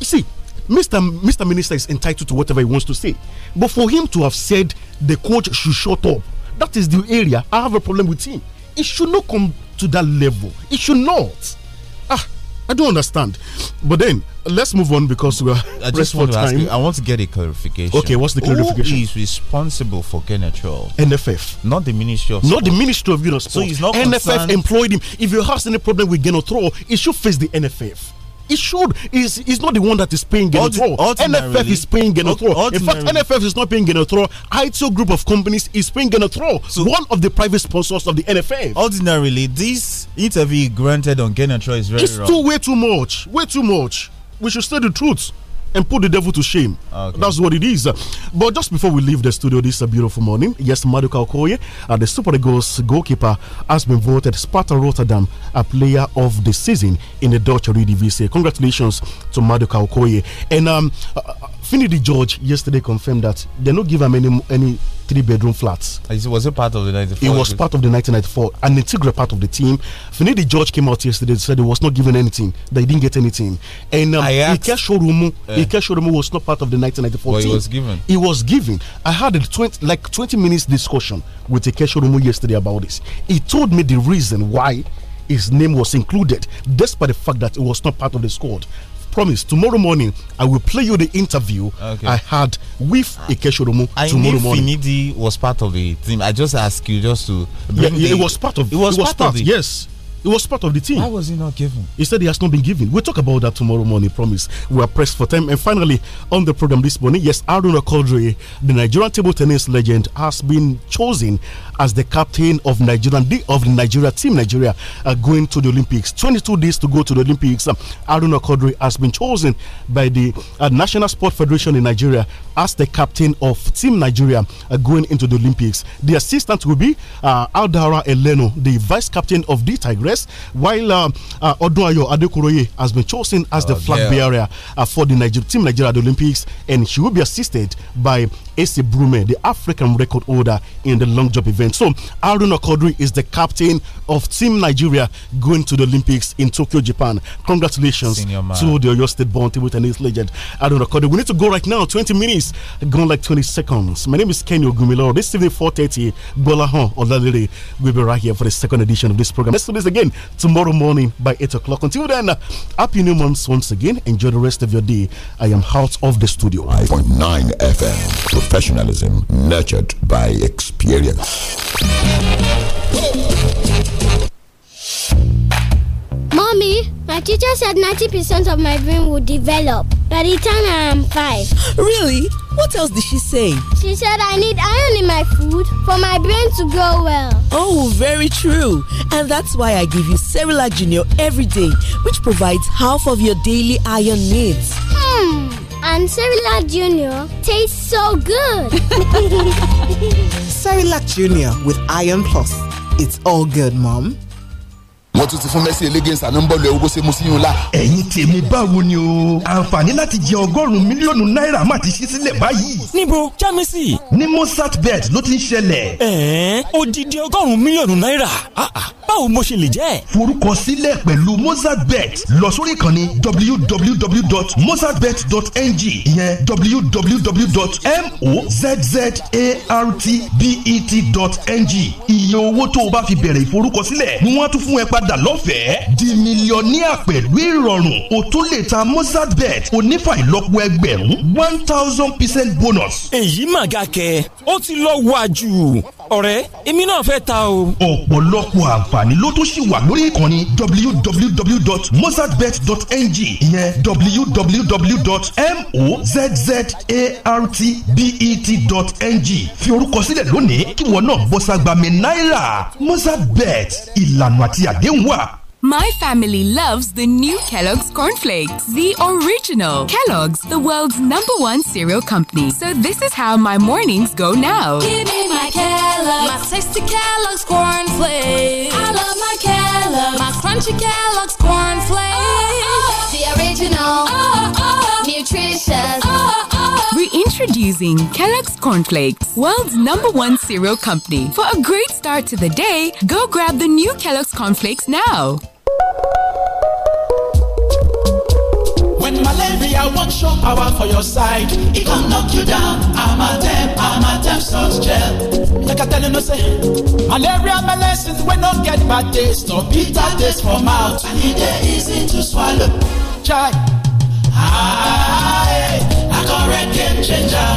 You see, Mr. Mr. Minister is entitled to whatever he wants to say, but for him to have said the coach should shut up, that is the area I have a problem with him. It should not come to that level. It should not. Ah, I don't understand. But then let's move on because we are. *laughs* I just want to time. ask you, I want to get a clarification. Okay, what's the clarification? Who is responsible for Kenetrol? NFF, not the Ministry of Sport. not the Ministry of Youth and Sport. So he's not NFF concerned. employed him. If you have any problem with Genotrol, it should face the NFF. It should. Is is not the one that is paying Genotro. NFF is paying Genotro. In fact, NFF is not paying Genotro. ITO Group of Companies is paying Genotro. So one of the private sponsors of the NFF. Ordinarily, this interview granted on Genotro is very. It's wrong. too way too much. Way too much. We should say the truth and put the devil to shame. Ah, okay. That's what it is. But just before we leave the studio this beautiful morning, yes, Maduka Okoye, uh, the Super Eagles goalkeeper, has been voted Sparta Rotterdam a player of the season in the Dutch Eredivisie. Congratulations to Maduka Okoye. And um, uh, Finney the judge yesterday confirmed that they are not give him any any three bedroom flats. It was it part of the 94? It was part of the 1994, an integral part of the team. Finney the judge came out yesterday and said he was not given anything, that he didn't get anything. And um, asked, Ike Shorumu, yeah. Ike Shorumu was not part of the 1994 well, team. It was given. It was given. I had a 20, like 20 minutes discussion with Ike Shorumu yesterday about this. He told me the reason why his name was included, despite the fact that it was not part of the squad promise tomorrow morning I will play you the interview okay. I had with ah. Ikechoromo I tomorrow morning. Finidi was part of a team. I just ask you just to. Yeah, it was part of. It was, it was part, part of it. Yes. He was part of the team. Why was he not given? He said he has not been given. We'll talk about that tomorrow morning, promise. We are pressed for time. And finally, on the program this morning, yes, Aruna Kodri, the Nigerian table tennis legend, has been chosen as the captain of Nigerian of the Nigeria team Nigeria uh, going to the Olympics. 22 days to go to the Olympics. Um, Aruna Kodri has been chosen by the uh, National Sport Federation in Nigeria as the captain of Team Nigeria uh, going into the Olympics. The assistant will be uh, Aldara Eleno, the vice captain of the Tigress while um, uh, Adekuroye has been chosen as oh, the flag yeah. bearer uh, for the Niger team Nigeria at the Olympics, and she will be assisted by AC Brume, the African record holder in the long jump event. So Aruna Kodri is the captain of Team Nigeria going to the Olympics in Tokyo, Japan. Congratulations to the Oyo State born table tennis legend Aruna Kodri. We need to go right now. 20 minutes gone like 20 seconds. My name is Kenny Ogumiloro. This evening 4:30, Bolahon Olalere will be right here for the second edition of this program. Let's do this again tomorrow morning by 8 o'clock. Until then, happy new months once again. Enjoy the rest of your day. I am out of the studio. 5.9 FM professionalism nurtured by experience. Mommy, my teacher said 90% of my brain will develop by the time I am five. *gasps* Really? What else did she say? She said I need iron in my food for my brain to grow well. Oh, very true. And that's why I give you Cerelac Junior every day, which provides half of your daily iron needs. Hmm and Cerilac Junior tastes so good. Cerilac *laughs* Junior with Iron Plus. It's all good, Mom. wọ́n tún ti fún Mercy elégens ànámbọ́ọ̀lù ẹ̀wọ́gbó ṣe mú sí yún la. ẹ̀yin tèmi báwo ni o àǹfààní láti jẹ ọgọ́rùn-ún mílíọ̀nù náírà má ti ṣí sílẹ̀ báyìí. níbo jámẹ́sì. ní mozart bet ló ti ń ṣẹlẹ̀. ẹ̀ẹ́n odidi ọgọ́rùn-ún mílíọ̀nù náírà ah, ah, báwo mo ṣe lè jẹ́. forúkọsílẹ̀ pẹ̀lú mozart bet lọ sórí ìkànnì www.mozartbet.ng ìyẹn www.mozzartbet.ng iye owó tó o bá fi bẹ̀rẹ̀ ìforúkọsílẹ̀ ni wọ́n tún fún ẹ padà padà lọ́fẹ̀ẹ́ di mílíọ̀nìà pẹ̀lú ìrọ̀rùn o tún lè ta mozart bet onífà ìlọ́po ẹgbẹ̀rún one thousand percent bonus. èyí mà ga kẹ ó ti lọ wá jù ọ̀rẹ́ èmi náà fẹ́ ta o. ọ̀pọ̀lọpọ̀ àǹfààní ló tún ṣì wà lórí ìkànnì www.mozartbet.ng ìyẹn www.mozzartbet.ng fi orúkọ sílẹ̀ lónìí kí wọn náà bọ́sàgbàmí náírà mozart bet ìlànà àti àdéhùn wà. My family loves the new Kellogg's cornflakes, the original. Kellogg's, the world's number one cereal company. So this is how my mornings go now. Give me my Kellogg's, my tasty Kellogg's cornflakes. I love my Kellogg's, my crunchy Kellogg's cornflakes. Oh, oh, oh. the original, oh, oh, nutritious. Introducing Kellogg's Cornflakes, world's number one cereal company. For a great start to the day, go grab the new Kellogg's Cornflakes now. When malaria wan show power for your side, it can knock you down. I'm I'm a a Amatem salt gel. Like I tell you no say, malaria My medicines wey no get bad taste no bitter taste for mouth, and e dey easy to swallow. Try. Ah a game changer.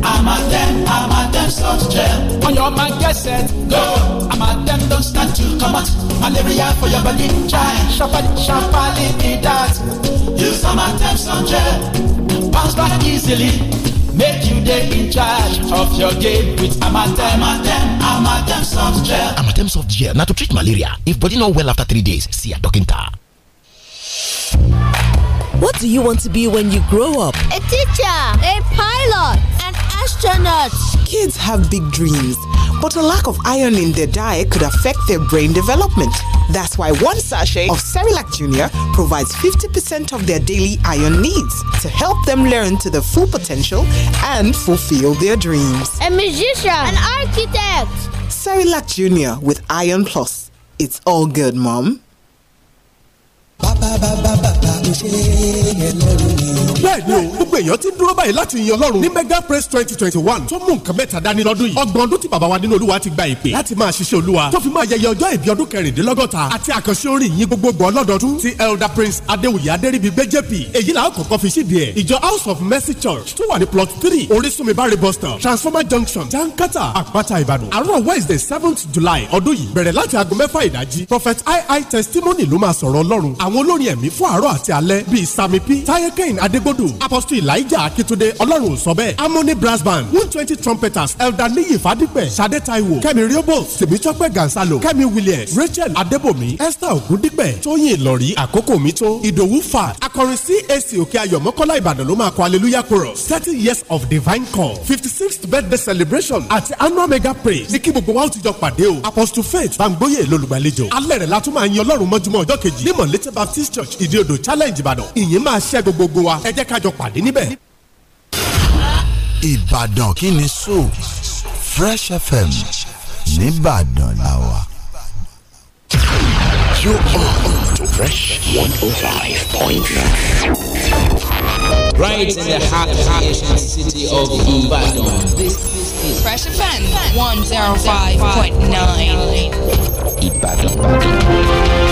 a them, salt gel. On your man get set, go. them, don't start to come out. Malaria for your body, try. it shapali, need that. Use them, salt gel. Bounce back easily. Make you day in charge of your game with Amatem. Amatem, Amatem soft gel. Amatem soft gel. Now to treat malaria. If body not well after three days, see a doctor. What do you want to be when you grow up? A teacher, a pilot, an astronaut. Kids have big dreams, but a lack of iron in their diet could affect their brain development. That's why one sachet of Cerilac Junior provides 50% of their daily iron needs to help them learn to their full potential and fulfill their dreams. A musician, an architect. Cerilac Junior with Iron Plus. It's all good, Mom ba ba ba ba ṣe yẹn lọ́rùn ni. bẹ́ẹ̀ni o gbogbo èèyàn ti dúró báyìí láti yan Ọlọ́run ní mega praise twenty twenty one tó mú nǹkan mẹ́ta dání lọ́dún yìí ọgbọ̀n ọdún tí bàbá wa nínú Olúwa ti gba ìpè láti máa ṣiṣẹ́ Olúwa tó fi máa yẹyẹ ọjọ́ ìbí ọdún kẹrìndínlọ́gọ́ta àti àkànṣe orin yìí gbogbogbò ọlọ́dọọdún ti elder prince adéwòye adéríbigbé jp èyí làwọn kọ̀ọ̀kan fi síbi ẹ̀ ìjọ house of mercy church tó wà ní plot three orísunmibáre bus stop transformer junction jankata àpáta ìbàdàn àárọ̀ wednesday seventh july ọdún yìí bẹ̀rẹ̀ láti aago mẹ́fà ìdájí prophet testimony ló máa sọ̀rọ̀ ọlọ́run àwọn olórin ẹ̀mí fún àárọ̀ alẹ́ bíi sami p taye kane adegbodo apostle elijah akitunde ọlọ́run sọ bẹ́ẹ̀ harmony brass one twenty trumpeters elder niyi fadipe sade taiwo kẹ́mi riobos tèmítọ́pẹ́ gansalo kẹ́mi williams rachel adebomi esther ogundipe tóyìn ìlọ̀rí àkókò mi tó ìdòwú fà akọrin cac òkè ayọ̀ mọ́kọ́lá ìbàdàn ló máa kọ hallelujah chorus thirty years of divine call fifty sixth birthday celebration àti annual mega praise ní kí gbogbo wa ó ti jọ pàdé o apostle faith bangboye lolùgbàlejò alẹ́ rẹ̀ la tún máa yan ọlọ́run mọ́júmọ́ ọjọ́ kejì ní mọ̀lẹ́tẹ̀ baptist church ìdíodò challenge challenge ìbàdàn ìyìn máa ṣẹ́ gbogbogbò wa ẹ jẹ́ kájọ pàdé níbẹ̀. ìbàdàn kí ni so fresh fm nìbàdàn làwà. you are on to fresh one oh five point nine. right in the heart of the city of Ibadan. fresh fm one oh Ibadan.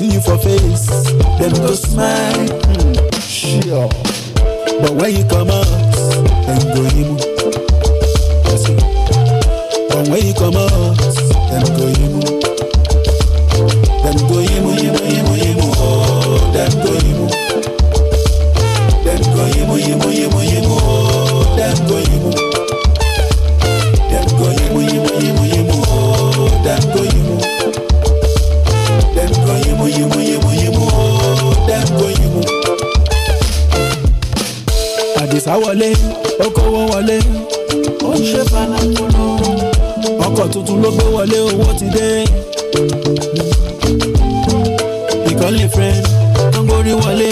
see you for face, them go smile. Mm, sure. But when you come out, them go him. But when you come out, them go him. sáwọlé okòwò wọlé ó ń ṣe fanakolo ọkọ̀ tuntun ló gbé wọlé owó ti dé ìkọ́lé friend ń gorí wọlé.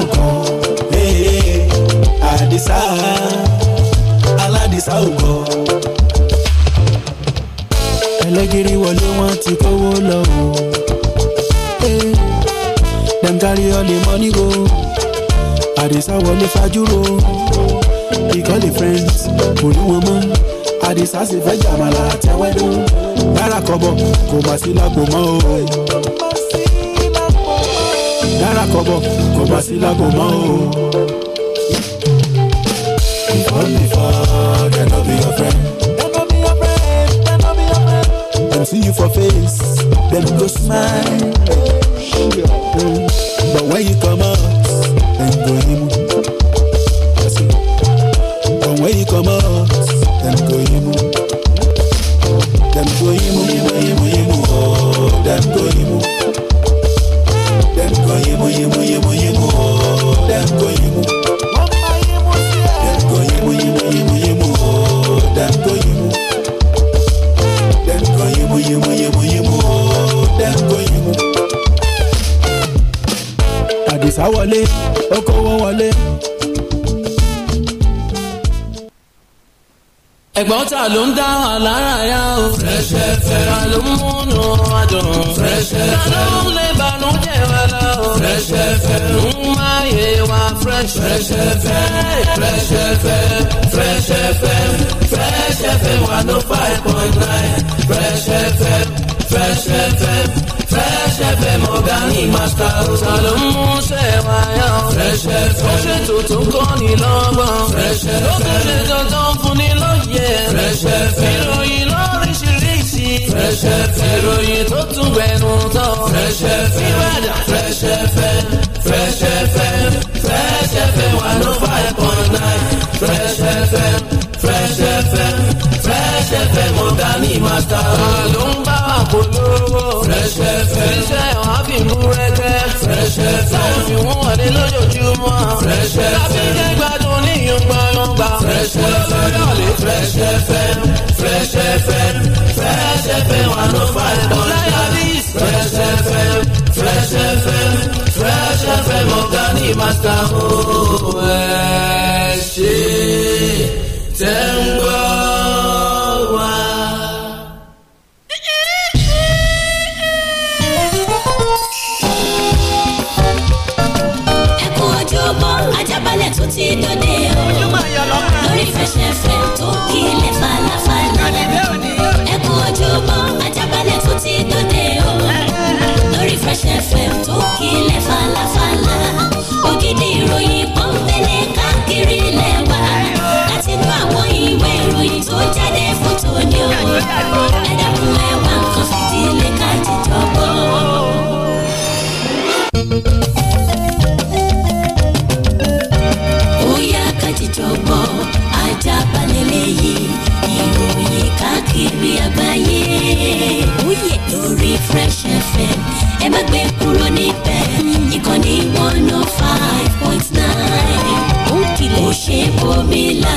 òkan eh, àdìsá aládìsá òkan. ẹlẹ́gìrì wọlé wọn ti kówó lọ o eh, dem carry all the money go àdìsá wọlé call the friends kò ní wọn mọ́ àdìsá sì fẹ́ jàmàlà àtẹwẹ́dún rárá kọ́bọ̀ kò bá sí lágbo mọ́ o náírà kọ̀bọ̀ kò bá sí lágbo mọ́ o. before before dem no be your friend. dem no be your friend. dem no be your friend. dem see you for face dem go smile. but when you come out dem go yimu. but when you come out dem go yimu. dem go yimu yimu yimu yimu ooo oh, dem go yimu go yimu yimu yimu yimu dem oh. go yimu. Dem go yimu yimu yimu yimu dem oh. go yimu. Dem go yimu yimu yimu yimu dem oh. go yimu. Àdìsá wọlé, ó kówó wọlé. ẹ̀gbọ́n ta ló ń dá wa lára yá o. Fresh FM ló adùn adùn. fẹsẹ̀ fẹ́ ló ń lè bànújẹ́ wa lọ. fẹsẹ̀ fẹ́ ń máa yé wa fresh. fẹsẹ̀ fẹ́ fẹsẹ̀ fẹ́ fẹsẹ̀ fẹ́ fẹsẹ̀ fẹ́ wà ló five point nine. fẹsẹ̀ fẹ́ fẹsẹ̀ fẹ́ fresh fm ọ̀gá ní màsítà ọ̀sà ló ń mú sẹ́wà yá ọ. fresh fm ó ṣe tuntun kọ́ ni lọ́gbọ̀n. fresh fm ó tẹ̀lé dandan fún ni lóye. fresh fm ìròyìn lọ́wọ́. Fresh FM. ìròyìn tó tún gbẹnu tán. Fresh FM. Ìbàdàn Fresh FM. Fresh FM. Fresh FM one oh five point nine. Fresh FM. Fresh FM. Fresh FM mọ̀gá ní màtá. ló ń bá wa polówó. Fresh FM. iṣẹ́ wa fi mú rẹ́gẹ́. Fresh FM. táwọn fi mú wọlé lójoojúmọ́. Fresh FM. tàbí jẹ́ gbádùn ní yọ̀ngbọ̀n yọ̀ngbà. Fresh FM. Fresh FM. Fresh FM. Fresh FM one oh five point nine. Fresh FM, Fresh FM, Fresh FM ọ̀gá ní màtà ó ẹ̀ ṣe káàkiri àgbáyé. Oyè lórí Fresh FM ẹ má gbé kúrò níbẹ̀ ìkànnì one oh five point nine. Ó kìlẹ̀ ó ṣe bòmílà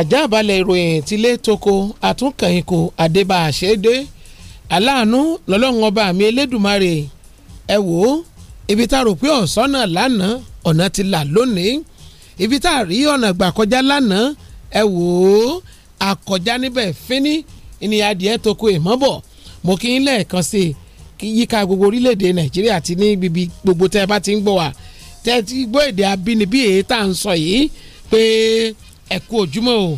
àjábalẹ̀ ìròyìn tilé toko àtúnkànyìnkò àdébà àṣẹ́dé aláàánú lọ́lọ́run ọba mi elédùnmarè ẹ wò ó ibi tá a rò pé ọ̀sán náà lánàá ọ̀nà ti là lónìí ibi tá a rí ọ̀nà gbà kọjá lánàá ẹ wò ó àkọjá níbẹ̀ fíní ni adìẹ toko ìmọ́bọ̀ mo kí n lẹ́ẹ̀kan sí i yíká gbogbo orílẹ̀-èdè nàìjíríà ti ní bíbí gbogbo tẹ́ ẹ bá ti ń gbọ́ wa tẹ́ ti gbọ́ èdè abínibí èyí tá à ń sọ yìí pé. Pe ẹ kú ojúmọ́ o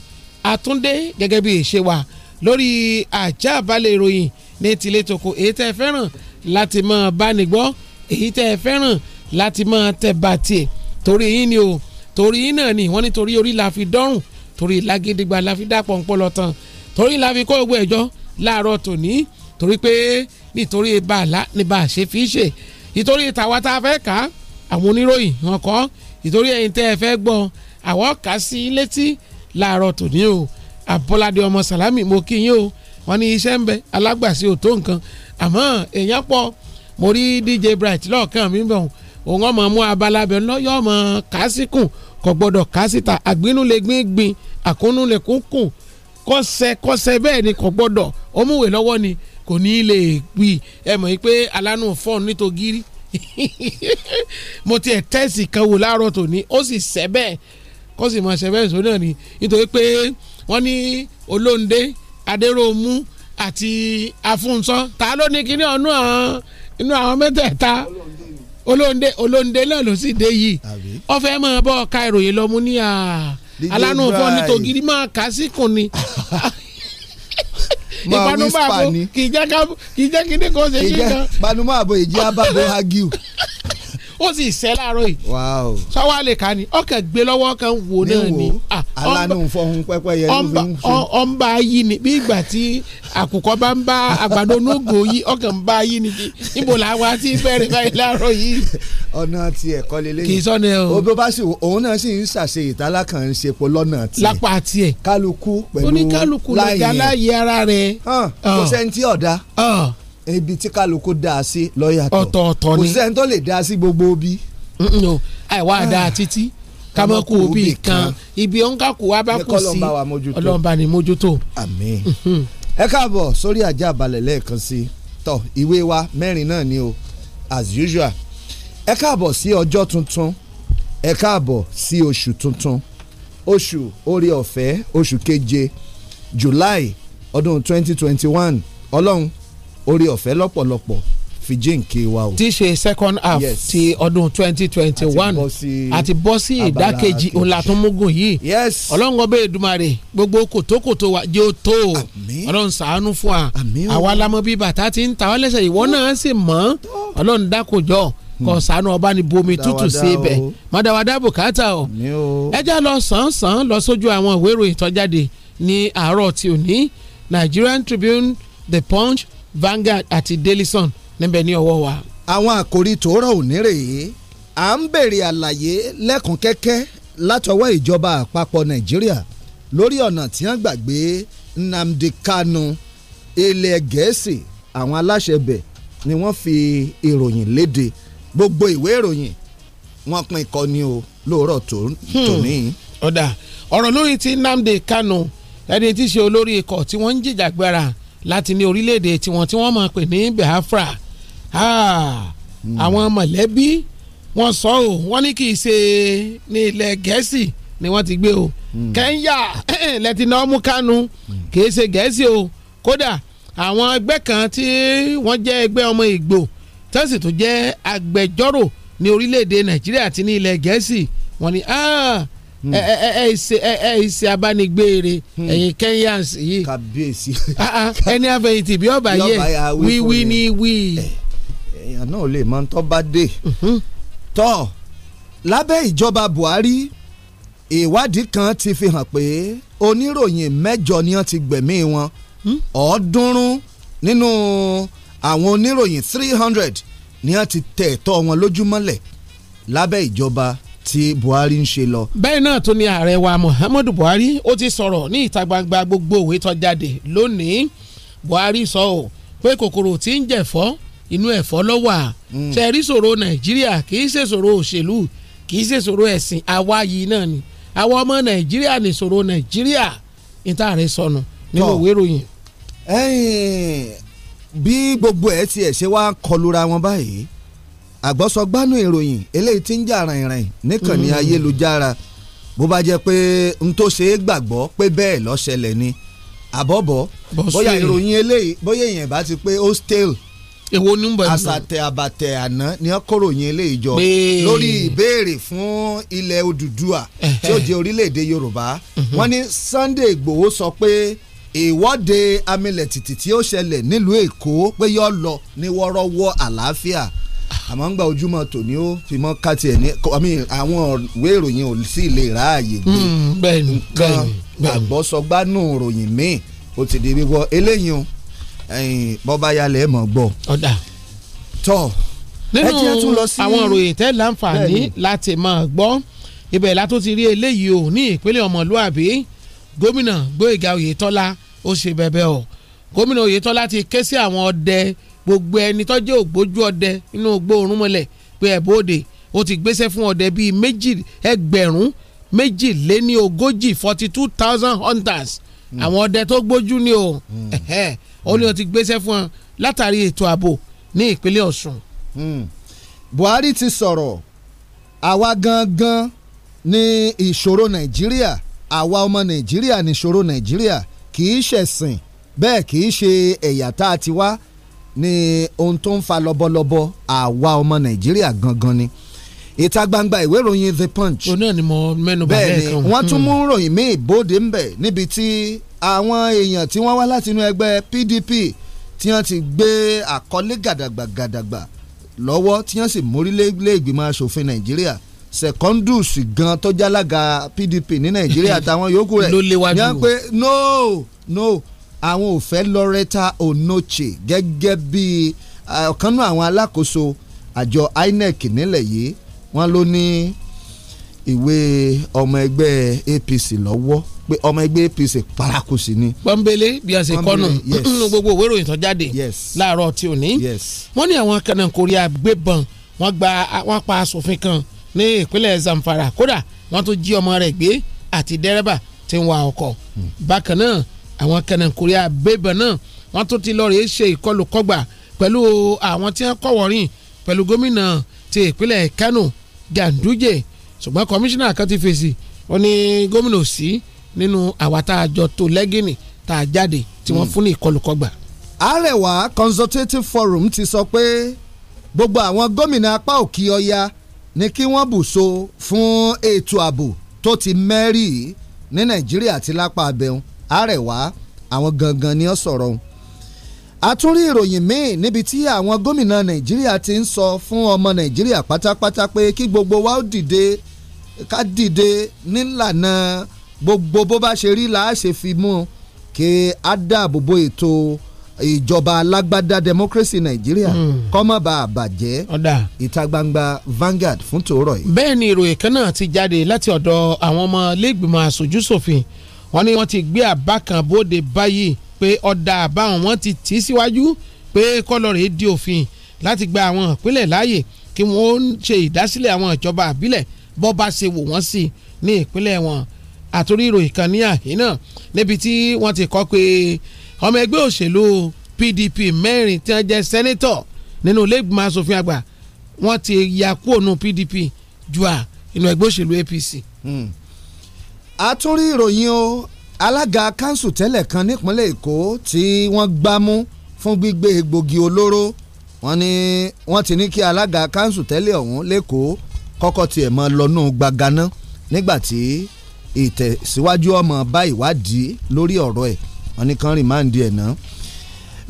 àtúndé gẹ́gẹ́ bí ìṣe wa lórí àjà àbálẹ̀ ìròyìn ní tilé toko èyí tẹ́ ẹ fẹ́ràn láti mọ bánigbọ́ èyí tẹ́ ẹ fẹ́ràn láti mọ tẹ bàtì torí yín ni o torí yín náà ni wọ́n ní torí orí la fi dọ́rùn torí lágídígba la fi dàpọ̀ ńpọ̀lọ̀ tán torí la fi kó ogun ẹ̀jọ́ láàárọ̀ tòní torí pé nítorí bàálà ni bá a ṣe fi ṣe ìtorí tàwa tá a fẹ́ kà àwọn oníròyìn wọn kọ́ ìtorí ẹ̀yin tẹ́ ẹ fẹ́ gbọ́ àwọn kà sí létí láàárọ̀ tòní o àbọ̀ládé ọmọ sàlámì mo kí yín o wọ́n ní iṣẹ́ ń bẹ alágbàsí ò tó nǹkan àmọ́ èèyàn pọ̀ mo rí DJ Bright lọ́ọ̀kan mi bọ̀ òun ọmọ mú abala bẹ lọ́yọ̀ ọmọ kásíkùn kò gbọ́dọ̀ kásíta àgbínú lè gbín gbin àkúnú lè kún kùn kọ́sẹ̀ kọ́sẹ̀ bẹ́ẹ̀ ni kò gbọ́dọ̀ ó múwèé lọ́wọ́ ni kò ní í lè gbi ẹ mọ̀ yìí pé alánú fọ́ọ̀n nítorí *laughs* mo tiẹ̀ tẹ́sì kan wò láàárọ̀ tòní ó sì sẹ́ bẹ́ẹ̀ kó sì máa ṣe bẹ́ẹ̀ sọ náà ni nítorí pé wọ́n ní olóńdé adéròmú àti afúnṣán ta ló ní kíní ọ̀nù àwọn inú àwọn mẹ́tẹ̀ẹ̀ta olóńdé olóńdé náà ló sì dé yìí ó fẹ́ máa bọ́ ka ìròyìn lọ mú ní alánú fún ọ ní tògiri máa kà sí kùn ni *laughs* *laughs* ìpanumọ àbò kì í jẹ́ kí ní kò ṣe ṣe kan. ìpanumọ àbò ìjẹ́ abábo hagiu *laughs* ó sì sẹ́ láàárọ̀ yìí sọ́wọ́ àlè ká ni ọkàn gbé lọ́wọ́ kan wò náà ni ah, alánú fọhùn pẹ́pẹ́ yẹn ló fi ń sùn. ọ̀nba yí ni bí ìgbà tí àkùkọ bá ń bá àgbàdo nógò yí ọkàn ń bá yí ni níbo làwọn àti bẹ̀rẹ̀ báyìí láàárọ̀ yìí. ọ̀nà ti ẹ̀kọ́ lélẹ́yìn kì í sọ́ni o. o bó bá sì òun náà sì ń ṣàṣe ìtàlá ń ṣe pọ̀ lọ́nà tiẹ̀. lápá ibi tí kálukú dá a sí lọ́yàtọ̀ ọ̀tọ̀ọ̀tọ̀ ni kò sẹ́ni tó lè dá a sí gbogbo bí. àìwá dáa ah. títí kámọ́kù òbí kan ibi òǹkàkù wa bá kù sí ọlọ́mba ni mójútó. Mm-hmm. ẹ káàbọ̀ sórí ajá balẹ̀ lẹ́ẹ̀kan sí tọ ìwé wa mẹ́rin náà ni o as usual ẹ káàbọ̀ sí ọjọ́ tuntun ẹ káàbọ̀ sí oṣù tuntun oṣù orí ọ̀fẹ́ oṣù keje July ọdún 2021 ọlọ́run orí ọ̀fẹ́ lọ́pọ̀lọpọ̀ fi jíǹkì wa o. ti ṣe second half yes. ti ọdún twenty twenty one àti bọ́ sí ìdákejì òǹlàtúnmúgùn yìí ọlọ́run ọbẹ̀ Èdùmàrè gbogbo kòtókòtó wa jẹ́ ó tó o ọlọ́run ṣàánú fún wa àwa lamọ bí bàtà ti ń ta ọ́ lẹ́sẹ̀ ìwọ náà sì mọ̀ ọlọ́run dákòjọ́ hmm. kò ṣàánú ọba ní bomi tútù sí ibẹ̀ mọ̀dàwádà bùkátà o ẹja lọ sàn sàn lọ sójú àwọn ìwé ìròyìn tó ní àárọ̀ tí ò ní Nigerian Tribune The Punch Vanguard àti Daily Sun níbẹ̀ ní ọwọ́ wa. àwọn àkòrí tòórọ̀ òní rèé à ń béèrè àlàyé lẹ́kùn kẹ́kẹ́ látọwọ́ ìjọba àpapọ̀ Nàìjíríà lórí ọ̀nà tí wọ́n gbàgbé Nnamdi Kanu ilẹ̀ Gẹ̀ẹ́sì àwọn aláṣẹ bẹ̀ ni wọ́n fi ìròyìn léde gbogbo ìwé ìròyìn wọ́n pín ìkọ́ni o lóòrọ̀ hmm. tòní. ọ̀dà ọ̀rọ̀ lórí ti Nnamdi Kanu ẹni tí í ṣe olórí ikọ̀ tí wọ́n ń jìjàgbara láti ní orílẹ̀-èdè tiwọn tí wọ́n máa pè ní Biafra ah, hmm. àwọn mọ̀lẹ́bí wọ́n sọ ọ́ wọ́n ní kì í ṣe ní ilẹ̀ Gẹ̀ẹ́sì ni wọ́n ti gbé o Kẹ́ńyà lẹ́tí náà mú Kánú hmm. kì í ṣe Gẹ̀ẹ́sì o kódà àwọn ẹgbẹ́ kan tí wọ́n jẹ́ ẹgbẹ́ ọmọ Ìgbò tẹ́sí tó jẹ́ agbẹjọ́rò ní orílẹ̀-èdè Nàìjíríà àti ní ilẹ̀ Gẹ̀ẹ́sì wọ́n ní ah, ẹ̀ẹ́sì abánigbére hmm. ẹ̀yin Kenyans yìí kàbíyèsí ah, ah, ẹni afẹ̀yìntì bí ọba yẹ wíwí ni wí. Eh, èèyàn náà lè mọ tó bá dé mhm. tó lábẹ́ ìjọba Buhari ìwádìí kan ti fi hàn pé oníròyìn mẹ́jọ ni wọ́n ti gbẹ̀mí wọn hmm. ọ̀ọ́dúnrún nínú àwọn oníròyìn three hundred ni wọ́n ti tẹ̀ ẹ̀tọ́ wọn lójúmọ́lẹ̀ lábẹ́ ìjọba tí Buhari ń ṣe lọ. bẹ́ẹ̀ náà tó ní ààrẹ wa Muhammadu Buhari ó ti sọ̀rọ̀ ní ìta gbangba gbogbo òwe tó jáde lónìí Buhari sọ ọ́ pé kòkòrò tí ń jẹ̀fọ́ inú ẹ̀fọ́ ló wà tẹ̀rí mm. ṣòro Nàìjíríà kì í ṣe ṣòro òṣèlú kì í ṣe ṣòro ẹ̀sìn àwa yìí náà ni àwọn ọmọ Nàìjíríà ní ṣòro Nàìjíríà níta rẹ̀ sọnù nínú òwe ìròyìn. bí gbogbo ẹ̀ tiẹ̀ ṣe wá kọlura wọn báyìí àgbọ́sọgbánú ìròyìn eléyìí tí ń jà rìnrìn níkànnì mm-hmm. ayélujára bó bá jẹ́ pé n tó ṣe é gbàgbọ́ pé bẹ́ẹ̀ ló ṣẹlẹ̀ ni àbọ̀bọ̀ bóyá ìròyìn eléyìí bóyá èèyàn bá ti pé hostel èwo ní àná ni wọ́n kó ròyìn eléyìí jọ lórí ìbéèrè fún ilẹ̀ Odùduwà tí ó jẹ́ orílẹ̀-èdè Yorùbá mm-hmm. wọ́n ní Sunday Igbòho sọ pé ìwọ́de amilẹ̀tìtì tí ó ṣẹlẹ̀ nílùú Èkó pé yọ lọ ní wọ́ọ́rọ́wọ́ àlàáfíà àmọ́ ń gba ojúmọ́ tòní ó fi mọ́ káti ẹ̀ ní àwọn ìwé ìròyìn ò sì lè ráàyè gbé mm, nǹkan àgbọ̀sọgbánú ìròyìn míì ó ti di wíwọ eléyìí o bọ́bá yálẹ̀ mọ̀ gbọ́. ọ̀dà tọ́ ẹ jẹ́ tún lọ sí. nínú àwọn ìròyìn tẹ́ láǹfààní láti máa gbọ́ ibẹ̀ látó ti rí eléyìí o ní ìpínlẹ̀ ọmọlúàbí gómìnà Gbóyèga Oyètọ́lá ó ṣe bẹ̀bẹ̀ o gómìnà Oyètọ́lá ti ké sí àwọn ọdẹ gbogbo ẹni tọ́jú ògbójú ọdẹ inú ògbó òrùnmọlẹ̀ pé ẹ̀bọ́dẹ ó ti gbéṣẹ́ fún ọdẹ bíi méjì ẹgbẹ̀rún méjìléní ogójì forty two thousand hunters hmm. àwọn ọdẹ tó gbójú ni o hmm. ó ní o ti gbéṣẹ́ fún ọ látàrí ètò ààbò ní ìpínlẹ̀ Ọ̀ṣun. Hmm. Buhari ti sọ̀rọ̀ àwa gangan ní ìṣòro Nàìjíríà àwa ọmọ Nàìjíríà ní ìṣòro Nàìjíríà kì í ṣẹ̀sìn bẹ́ẹ̀ kì í ṣe ẹ̀yà tá a ti wá ni ohun tó ń fa lọ́bọ̀lọ́bọ̀ àwa ọmọ nàìjíríà gangan ni ìta gbangba ìwé ìròyìn the punch. o náà ni mo mẹ́nu bà lẹ́ẹ̀kan. bẹ́ẹ̀ni wọ́n tún mú hmm. ròyìn míì bóde ń bẹ níbi tí àwọn èèyàn tí wọ́n wá láti inú ẹgbẹ́ PDP tí wọ́n ti gbé àkọlé gàdàgbà gàdàgbà lọ́wọ́ tí wọ́n sì mórílẹ̀ ilé ìgbìmọ̀ asòfin nàìjíríà secondus gan tó jálága PDP ní nàìjíríà *laughs* àtàwọn yòókù rẹ̀ ló léwájú. yẹn pé no no àwọn ò fẹ́ Loretta Onoche gẹ́gẹ́ bí ọ̀kan náà àwọn alákòóso àjọ INEC nílẹ̀ yìí wọ́n ló ní ìwé ọmọ ẹgbẹ́ APC lọ́wọ́ pé ọmọ ẹgbẹ́ APC paraku sí ni. pọ́nbélé bí a ṣe kọ́nù nínú *clears throat* gbogbo ìwé ìròyìn tó jáde láàárọ̀ tí ò ní. wọ́n ní àwọn kanàkórí agbébọn wọ́n gba wọ́n pa aṣòfin kan ní ìpínlẹ̀ Zamfara kódà wọ́n tún jí ọmọ rẹ̀ gbé àti dẹ́rẹ́bà tí ń wa ọkọ̀. Hmm. bákan náà àwọn kẹnẹ kórè àbẹ̀bẹ̀ náà wọ́n tún ti lọ rèé ṣe ìkọlù kọgbà pẹ̀lú àwọn tí wọ́n kọ̀wọ́rìn pẹ̀lú gómìnà ti ìpínlẹ̀ Kano Ganduje ṣùgbọ́n kọmíṣánná kan ti fèsì ó ní gómìnà sí nínú àwa tá a jọ tó lẹ́gìnì tá a jáde tí wọ́n hmm. fún ní ìkọlù kọgbà. Arewa Consultative Forum ti sọ pé gbogbo àwọn gómìnà apá òkè ọya ni kí wọ́n bùso fún ètò ààbò tó ti mẹ́rì ní Nàìjíríà àti lápá abẹ́hùn Àrẹ̀wá àwọn gangan ni ó sọ̀rọ̀ òun àtúrí ìròyìn míì níbi tí àwọn gómìnà nàìjíríà ti ń sọ fún ọmọ nàìjíríà pátápátá pé kí gbogbo wa ó dìde ká dìde nílànà gbogbo bó bá ṣe rí làá ṣe fi mú kí á dáàbò bo ètò ìjọba alágbádá democracy nàìjíríà hmm. kọ́mọ́ bá a bàjẹ́ ìta gbangba Vanguard fún tòórọ̀ yìí. bẹ́ẹ̀ ni ìròyìn kan náà ti jáde láti ọ̀dọ̀ àwọn ọmọ ilé ìgbìmọ̀ aṣojú wọ́n ní wọ́n ti gbé àbá kan bóde báyìí pé ọ̀dà àbáwọn wọ́n ti tì í síwájú pé kọ́lọ́rì di òfin láti gba àwọn ìpínlẹ̀ láàyè kí wọ́n ṣe ìdásílẹ̀ àwọn ìjọba àbílẹ̀ bọ́ bá ṣe wò wọ́n sí ní ìpínlẹ̀ wọn àtúrí ìròyìn kan ní àhín náà níbi tí wọ́n ti kọ́ pé ọmọ ẹgbẹ́ òṣèlú PDP mẹ́rin tí wọ́n jẹ́ sẹ́nẹ́tọ̀ nínú ilé ìgbìmọ̀ asòfin àgbà wọ́n ti ya kúrò nù PDP jù à inú ẹgbẹ́ òṣèlú APC. Mm a tún rí ìròyìn o alága kanṣu tẹ́lẹ̀ kan nípínlẹ̀ èkó tí wọ́n gbámú fún gbígbé egbògi olóró wọ́n ní wọ́n ti ní kí alága kanṣu tẹ́lẹ̀ ọ̀hún lẹ́kọ̀ọ́ kọ́kọ́ tiẹ̀ mọ́ lọ́nù gbàgánná nígbà tí ìtẹ̀síwájú ọmọ bá ìwádìí lórí ọ̀rọ̀ ẹ̀ wọ́n ní kán rìmáǹdì ẹ̀ náà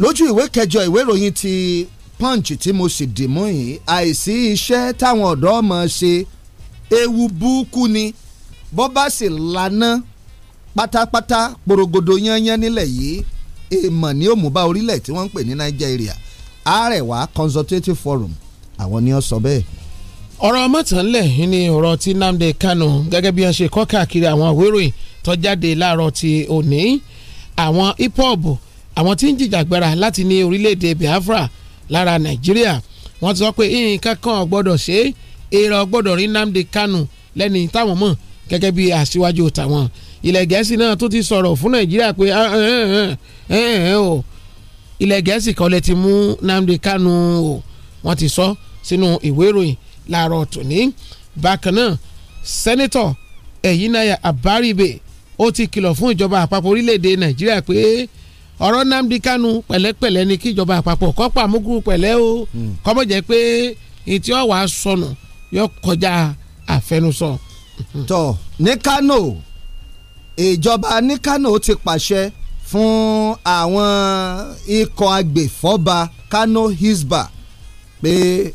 lójú ìwé kẹjọ ìwé ìròyìn ti punch tí mo sì dì mú yìí àìsí iṣẹ́ táwọn ọ̀dọ́ ọmọ ṣe ewu búkú ni bọ́ bá sì laná pátápátá porogodo yányán nílẹ̀ yìí èèmọ̀ ní òmùbá orílẹ̀ tí wọ́n ń pè ní Nàìjíríà Àrẹwà Consultative Forum àwọn ni ó sọ bẹ́ẹ̀ ọ̀rọ̀ mọ̀tànlẹ̀ ni ọ̀rọ̀ tí Nnamdi Kanu gẹ́gẹ́ bí wọ́n ṣe kọ́ káàkiri àwọn àwéròyìn tó jáde láàárọ̀ ti òní àwọn IPOB àwọn tí ń jìjàgbara láti ní orílẹ̀-èdè Biafra lára Nàìjíríà wọ́n ti sọ pé nǹkan kan ò gbọ́dọ̀ ṣe èrò gbọ́dọ̀ rí Nnamdi Kanu lẹ́ni táwọn mọ̀ gẹ́gẹ́ bí aṣíwájú tàwọn ilẹ̀ gẹ̀ẹ́sì náà tó ti sọ̀rọ̀ fún nàìjíríà pé ah, ah, ah, eh, eh, eh, oh. ilẹ̀ gẹ̀ẹ́sì kan lè ti mú Nnamdi Kanu o wọ́n ti sọ sínú ìwé ìròyìn láàárọ̀ tòní bákan náà sẹ́nẹ́tọ̀ Ẹ̀yínáyà Àbáríbe ó ti kìlọ̀ fún ìjọba àpapọ̀ orílẹ̀‐èdè nàìjíríà pé ọ̀rọ̀ Nnamdi Kanu pẹ̀lẹ́pẹ̀lẹ́ ni kí ìjọba àpapọ̀ kọ́pà múgúrú pẹ̀lẹ́ o hmm. kọ́mọ̀jẹ́ pé ìtí ọ̀wà sọnù yọ kọjá àfẹnusọ tó ní Kano ìjọba ní Kano ti pàṣẹ fún àwọn ikọ̀ agbèfọ́ba Kano Hisba pé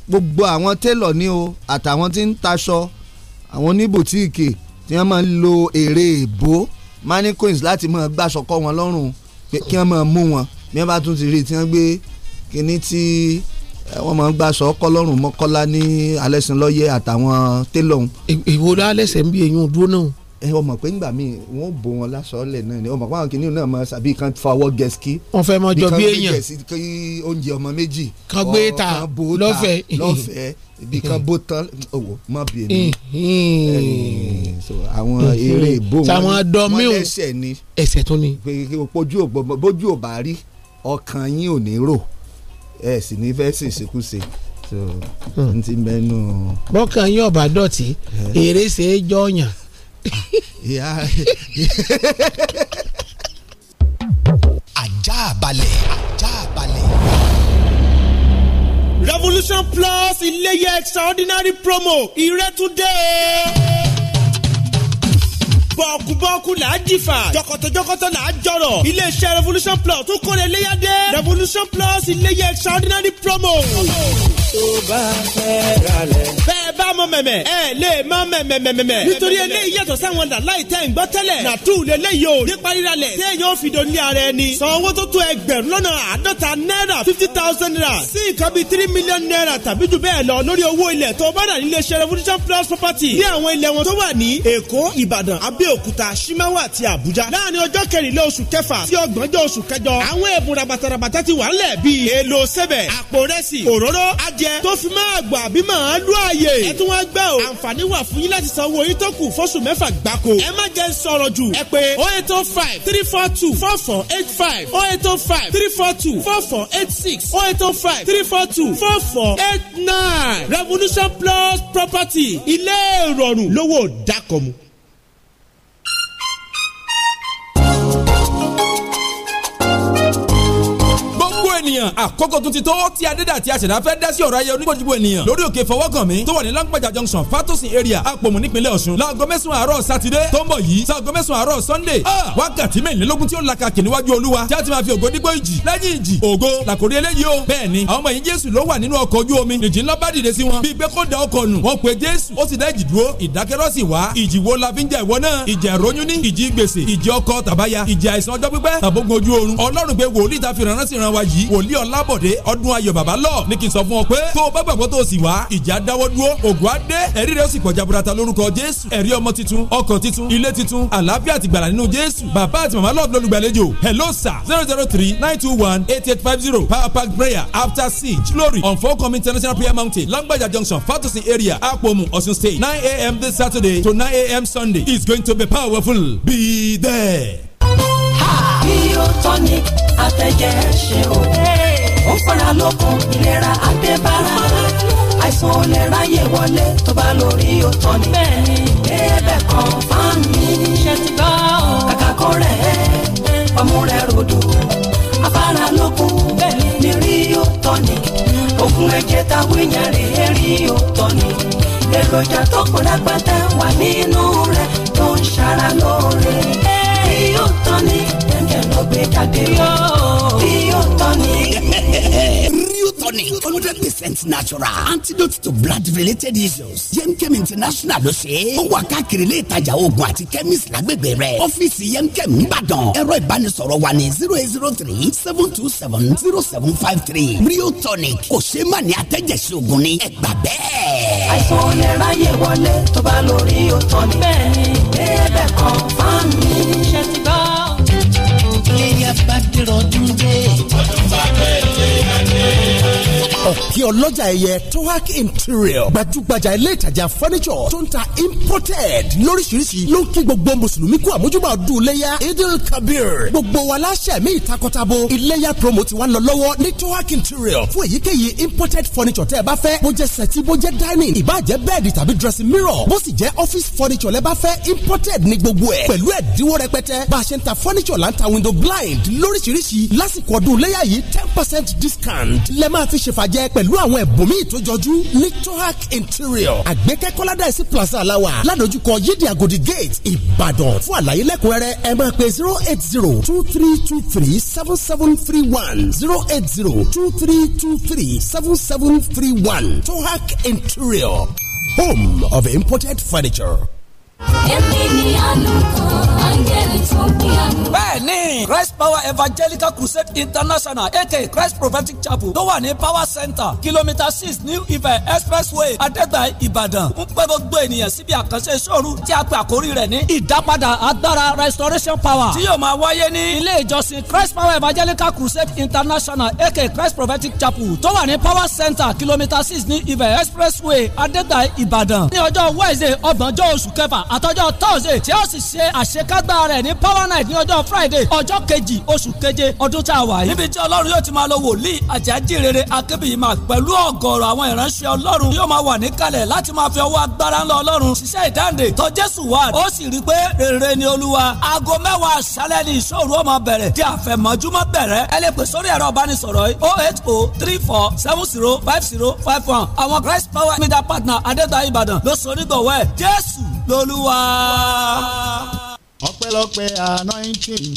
gbogbo àwọn télọ̀ ni o àtàwọn tí ń taṣọ àwọn oníbùtíìkì tí wọ́n máa ń lo èrè èbó mannequins láti máa gbàṣọ kọ́ wọn lọ́rùn kí wọ́n máa mú wọn bí wọ́n bá tún ti rí i tí wọ́n gbé kíní tí. Ti Eh, wọ́n máa ń gbà sọ kọ́lọ́rùn mọ́kọ́lá ní alẹ́sìnlọ́yẹ àtàwọn télọ̀hún. ìwo ló ń bí eyín dúró náà. ẹ ọmọ pé nígbà míì wọn bò wọn lásọọlẹ náà ni ọmọ pé àwọn kìnìún náà máa sàbí kan fọwọ́ gẹ̀ẹ́sì. wọ́n fẹ́ mọ jọ bí èèyàn kí oúnjẹ ọmọ méjì. kan gbé ta lọ́fẹ̀ẹ́ lọ́fẹ̀ẹ́ ibi kan bó tán owó má bí èmi. àwọn eré ìbò wọn wọn ni. ẹsẹ̀ tó ni. bójú ò bá rí ọkàn yín ò ní rò ẹ sì ní fẹ́ sìn ṣekúṣe so hmm. n ti mẹ́nu. bọ́kàn yín ọ̀bà dọ̀tí eh. èrè ṣe é jọ̀yàn. ajá balẹ̀ ajá balẹ̀. Revolution Plus Iléyá extraordinary promo ìrẹ́túndé bọ́ọ̀kú-bọ́ọ̀kú là á jìfà jọkọ̀tọ̀jọkọ̀tọ̀ là á jọ̀rọ̀ iléeṣẹ́ revolution plus tó kọ́ni eléyàdé revolution plus iléyà extraordinary promo. Oh, oh tó bá fẹ́ ra lẹ̀. bẹ́ẹ̀ bá mọ mẹ̀mẹ̀ ẹ lè má mẹ̀mẹ̀mẹ̀mẹ̀. nítorí eléyìí yàtọ̀ sáwọn làláì tẹ̀ ń gbọ́ tẹ́lẹ̀. nàtú lélẹ́yìí o nípa ríra lẹ̀ téèyàn ó fi dòní ara ẹni. san owó tó tó ẹgbẹ̀rún lọ́nà àádọ́ta náírà fifty thousand naira sí nǹkan bíi three million naira tàbí jù bẹ́ẹ̀ lọ lórí owó ilẹ̀ tó bá dà nílé ṣe revolution plus property ní àwọn ilẹ̀ wọn tó wà ní èkó ìbàdàn abẹ́òkúta shimawa àti àbújá láàrin ọjọ́ kẹrìnlẹ́ oṣù kẹfà sí ọgbọ̀njọ́ oṣù kẹjọ àwọn ẹ̀bùn rabatarabata ti wà ńlẹ̀ bíi èlò sẹ́bẹ̀ àpò rẹ́sì òróró aj jẹ tó fi máa gbà bí màá lú àyè. ẹ tún wá gbẹ́ o àǹfààní wà fún yín láti sanwó yín tó kù fọ́sùn mẹ́fà gbáko. ẹ má jẹ́ sọ̀rọ̀ jù ẹ pé oh eight oh five three four two four four eight five oh eight oh five three four two four four eight six oh eight oh five three four two four four eight nine revolution plus property ilé ìrọ̀rùn lówó dákọ̀mu. ènìyàn àkókò tún ti tó tí adédàtì àṣẹdá fẹ́ dá sí ọ̀rọ̀ ayé onígbòdìbò ènìyàn lórí òkè fọwọ́kànmí tó wà ní lágbàjà junction fatosin area àpòmù nípínlẹ̀ ọ̀ṣun láago mẹ́sàn-án àárọ̀ sátidé tó ń bọ̀ yìí sáago mẹ́sàn-án àárọ̀ sunday ah, wákàtí mẹ́rìnlélógún tí ó la kàkì níwájú olúwa tí a ti máa fi ògo dígbò ìjì lẹ́yìn ìjì ògo làkòrí eléyìí o bẹ́ẹ̀ ni àwọn ọmọ yìí jésù ló wà nínú ọkọ̀ ojú omi nìjì ńlá bá dìde sí da ọkọ̀ nù wọ́n pe jésù ó sì dá ìjì dúró ìdákẹ́rọ́ sì wá ìjì wo la fi ń jẹ ìwọ náà ìjì ìròyìn fi ránṣẹ́ ìran wòlíì ọlábọ̀dé ọdún ayọ̀ bàbá lọ ní kí n sọ fún ọ pé tó o bá gbàgbọ́ tó o sì wá ìjà dáwọ́ dúró ògùn á dé ẹ̀rí rẹ̀ ó sì pọ̀ jaburata lórúkọ jésù ẹ̀rí ọmọ titun ọkọ̀ titun ilé titun àlàáfíà àti gbàlà nínú jésù bàbá àti màmá lọ́ọ̀dún olùgbàlejò hello sir zero zero three nine two one eight eight five zero power pack prayer after siege glory on four come international prayer mountain langbaja junction fatosi area akpomu osun state nine a.m. this saturday to nine a.m. sunday it's going to be powerful be there bí ó tọ́ ni àtẹ̀jẹ́ ṣe o ó fara lókun ìlera àtẹ̀bára àìsàn ò lè ráyè wọlé tó bá lórí ó tọ́ ni bẹ́ẹ̀ni ẹ̀ẹ́dẹ̀ kan fáàmì ṣe ti gbọ́ o kàkà kó rẹ̀ ẹ́ ọmú rẹ̀ rodò afárá lókun bẹ́ẹ̀ni ni rí ó tọ́ ni ògùn ẹ̀jẹ̀ ta wíyàn rè é rí ó tọ́ ni èròjà tó kù lágbàtà wà nínú rẹ̀ tó ń ṣara lóore rí ó gbé jáde o. Rio tonic. Rio tonic hundred percent natural antidote to blood related issues. Yemkem International ló ṣe é. Ó wà káàkiri ilé ìtajà oògùn àti chemist lágbègbè rẹ̀. Ọ́fíìsì Yemkem Nìbàdàn. Ẹ̀rọ ìbánisọ̀rọ̀ wà ní zero eight zero three seven two seven zero seven five three. Rio tonic kò ṣe é mà ní atẹ́jẹsí oògùn ni. Ẹ gbà bẹ́ẹ̀. Àìsàn olè ráyè wọlé tó bá lórí Rio tonic. Bẹ́ẹ̀ni, ẹ bẹ̀ kàn fún mi. ti gbọ́? bá dìrọ̀dún dé. ọdún bá dé dé adé adé ọ̀kẹ́ ọlọ́jà ẹyẹ tohac interior gbajúgbajà ilé ìtajà furniture tó ń ta imported lóríṣiríṣi ló ń kí gbogbo mùsùlùmí kú àmójúbà ọdún iléyà idil kabir gbogbo wa láṣẹ mi ìtakọtabo iléyà promo ti wá lọ lọ́wọ́ ní tohac interior fún èyíkéyìí imported furniture tẹ́ ẹ bá fẹ́ bó jẹ́ sẹ́tí bó jẹ́ dining ìbá jẹ́ bẹ́ẹ̀dì tàbí dressing mirror bó sì jẹ́ office furniture lẹ́ bá fẹ́ imported ní gbogbo ẹ̀ pẹ̀lú ẹ̀dínwó rẹpẹtẹ bá a ṣe ń ta furniture là ta window blind lóríṣiríṣi lásìkò ọdún iléyà yìí ten percent discount lẹ́ máa fi ṣèfà jẹ pẹ̀lú àwọn ẹ̀bùnmí ìtójọjú ní tohac interior àgbẹ̀kẹ́kọ́ládàsí plaza aláwà ládojúkọ yídì àgòdì gate ìbàdàn fún àlàyé lẹ́kùnrẹ́rẹ́ ẹ máa pe zero eight zero two three two three seven seven three one zero eight zero two three two three seven seven three one tohac interior home of imported furniture èmi christ power evangelical crusade international aka christ prophetic chapel tó wà ní power center kìlómítà six new ife expressway adẹ́gbà ìbàdàn ń pẹ́ gbogbo ènìyàn síbi àkànṣe ìṣòro tí a pè àkórí rẹ̀ ní. ìdápadà agbára restoration power tí yóò máa wáyé ní. ilé ìjọsìn christ power evangelical crusade international aka christ prophetic chapel tó wà ní power center kìlómítà six New ife expressway adẹ́gbà ìbàdàn ní ọjọ́ wednesday ọgbọ̀njọ́ oṣù kẹfà àtọjọ́ thursday tí ó sì ṣe àṣekágbá rẹ̀ ní power night ní ọjọ́ friday ọjọ́ kejì oṣù keje ọdún tá a wà yìí. níbi tí ọlọ́run yóò ti máa lọ wòlíì àjàjìrere akébìyìmá pẹ̀lú ọ̀gọ̀rọ̀ àwọn ìránṣẹ́ ọlọ́run yóò máa wà níkàlẹ̀ láti máa fi ọwọ́ agbára ńlọ ọlọ́run ṣiṣẹ́ ìdáǹdè tọ jésù wá ó sì rí i pé rere ni olúwa aago mẹ́wàá aṣálẹ́ ni ìṣòro ọmọ bẹ̀rẹ̀ tí àfẹ̀mọ́júmọ́ bẹ̀rẹ̀ ẹ lè pè sórí ẹ̀rọ ìbánisọ̀rọ̀ yìí oh eight oh three four seven zero five zero five one àwọn christ power media partner adétọ̀ ìbàdàn ló sonígbọ̀wẹ́ jésù lolúwa. ọpẹ́lọpẹ́ anointing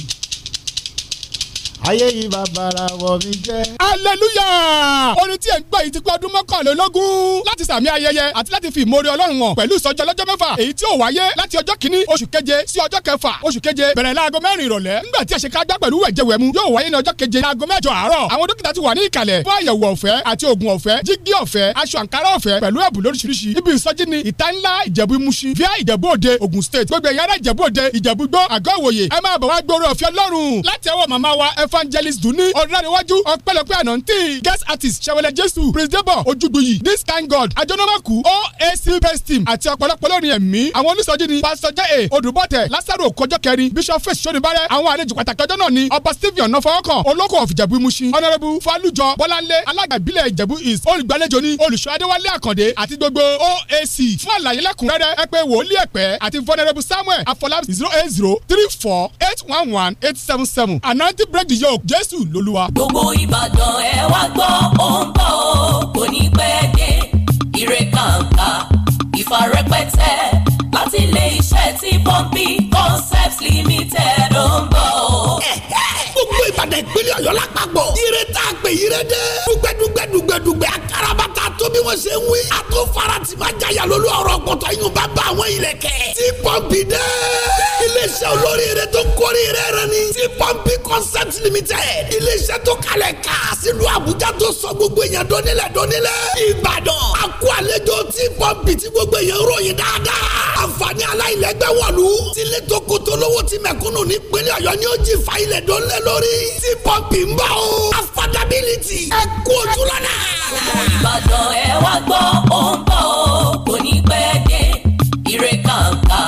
ayé yìí bàbàrà wọ̀ mí jẹ́. hallelujah orin tí ẹ̀ ń gbọ́ yìí ti pé ọdún mọ́kànlélógún láti sàmì ayẹyẹ àti láti fi ìmoore ọlọ́run hàn pẹ̀lú ìsọjí ọlọ́jọ́ mẹ́fà èyí tí ó wáyé láti ọjọ́ kìíní oṣù keje sí ọjọ́ kẹfà oṣù keje bẹ̀rẹ̀ láago mẹ́rin ìrọ̀lẹ́ nígbà tí àṣekágbá pẹ̀lú wẹ̀jẹwẹ̀mu yóò wáyé ní ọjọ́ keje láago mẹ́jọ àárọ̀ àwọn dókítà ti wà ní ìkàlẹ̀ fún àyẹ̀wò ọ̀fẹ́ àti oògùn ọ̀fẹ́ jígí ọ̀fẹ́ aṣọ àǹkárá ọ̀fẹ́ pẹ̀lú ẹ̀bùn lóríṣiríṣi ibi ìsọjí ni ìta ńlá ìjẹ̀bú imuṣi fíà ìjẹ̀bú òde Ògùn state gbogbo ẹ̀yà ara ìjẹ̀bú òde ìjẹ̀bú gbọ́ àgọ́ ìwòye ẹ máa bọ̀ wá gbóró ọ̀fẹ́ ọlọ́run wa ẹ evangelist duni ọ̀dàdéwájú ọ̀pẹ̀lọpẹ̀ ànántì guest artist sẹ̀wẹ̀lẹ̀ jésù pírẹsidẹ́bọ̀ ojúgbìyì this kind god àjọ̀nàmọ̀kù oac best team àti ọ̀pọ̀lọpọ̀ lórin ẹ̀mí àwọn onísọjí ni pastor j a odùbọ̀tẹ̀ lásàrò kọjọ́ kẹrin bishop faith sonibare àwọn àlejò pàtàkì ọjọ́ náà ni ọba stephen ọ̀nàfọwọ́kàn olóko of ìjẹ̀bú musin honourable falujọ bọ́láńlé alága ìbílẹ̀ ìjẹ̀bú east olùgbàlejò ni olùṣọ́ adéwálé àkàndé àti gbogbo oac fún àlàyé lẹ́kùnrẹ́rẹ́ ẹ pé wòlíì ẹ̀pẹ́ àti venerable samuel afọlábí zero eight zero three four eight one one eight seven seven ananti break the yọ jésù lolúwa. gbogbo ìbàdàn ẹ wá gbọ́ ó ń bọ̀ ó kò ní pẹ́ dé ire kàǹkà ìfarẹ́pẹ́tẹ́ láti ilé iṣẹ́ tí pọ́ńpì concepts limited ó ń bọ̀ ó gbogbo ìbàdàn ìpínlẹ̀ ọ̀yọ́ lápapọ̀ ire tá a pè ire dé dùgbẹ́dùgbẹ́ dùgbẹ́dùgbẹ́ akarabata tó bí wọ́n ṣe ń wí a tó fara tí ma jaya lólu ọ̀rọ̀ pọ̀tọ́ yín bá bá àwọn ilẹ̀ kẹ́ tí pọ́ǹpì dé iléeṣẹ́ olórí ire tó ń kórè ire rẹ ni tí pọ́ǹpì concept limited iléeṣẹ́ tó kalẹ̀ ká sílùú àbújá tó sọ gbogbo èèyàn dọ́nílẹ̀ dọ́nílẹ̀ ìbàdàn a kó àlejò tí pọ́ǹpì tí gbogbo èèyàn ròyìn dáadáa àǹfààní aláìlẹ́gbẹ́ wọ̀lú tílé tó kótó lówó ti mẹ̀kúnnù nípínlẹ̀ ọ̀yọ́ ni ó jì fa ilẹ̀ dọ́nílẹ̀ lọ lórí tí pọ́ǹpì ń bọ̀ o. affordability ẹ kú ojú lọ́nà. ìbàdàn ẹ wá gbọ́ ó ń bọ̀ ó kò ní pẹ́ dé ire kàǹkà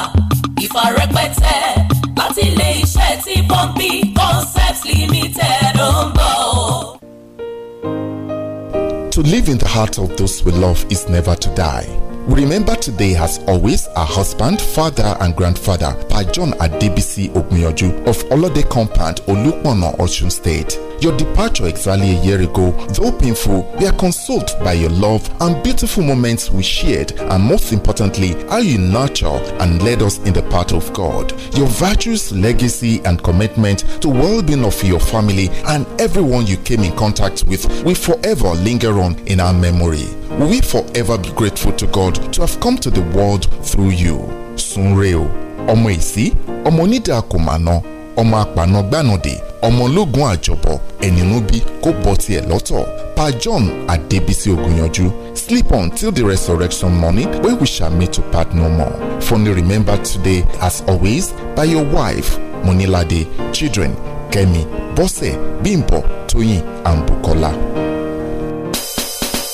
ìfarẹ́pẹ́tẹ́ láti ilé iṣẹ́ tí pọ́ǹpì concepts limited ó ń bọ̀ ó. To live in the heart of those we love is never to die. Remember today, as always, our husband, father, and grandfather, by John Adebisi Ogunyoju of Olode Compound, Olukmono, Osun State. Your departure exactly a year ago, though painful, we are consoled by your love and beautiful moments we shared, and most importantly, how you nurture and led us in the path of God. Your virtuous legacy, and commitment to well-being of your family and everyone you came in contact with will forever linger on in our memory. We forever be grateful to God to have come to the world through you. Sunreo, Omoisi, Omonida Kumano. ọmọ apànàgbànàdè ọmọlógún àjọbọ ẹnìrún bí kò bọ́ tiẹ̀ lọ́tọ̀ pa John Adébísí Ògúnyanjú sleep on till the resurrection morning when we shall meet to part no more fondly remember today as always by your wife Monilade children Kemi Bose Bimbo Toyin and Bukola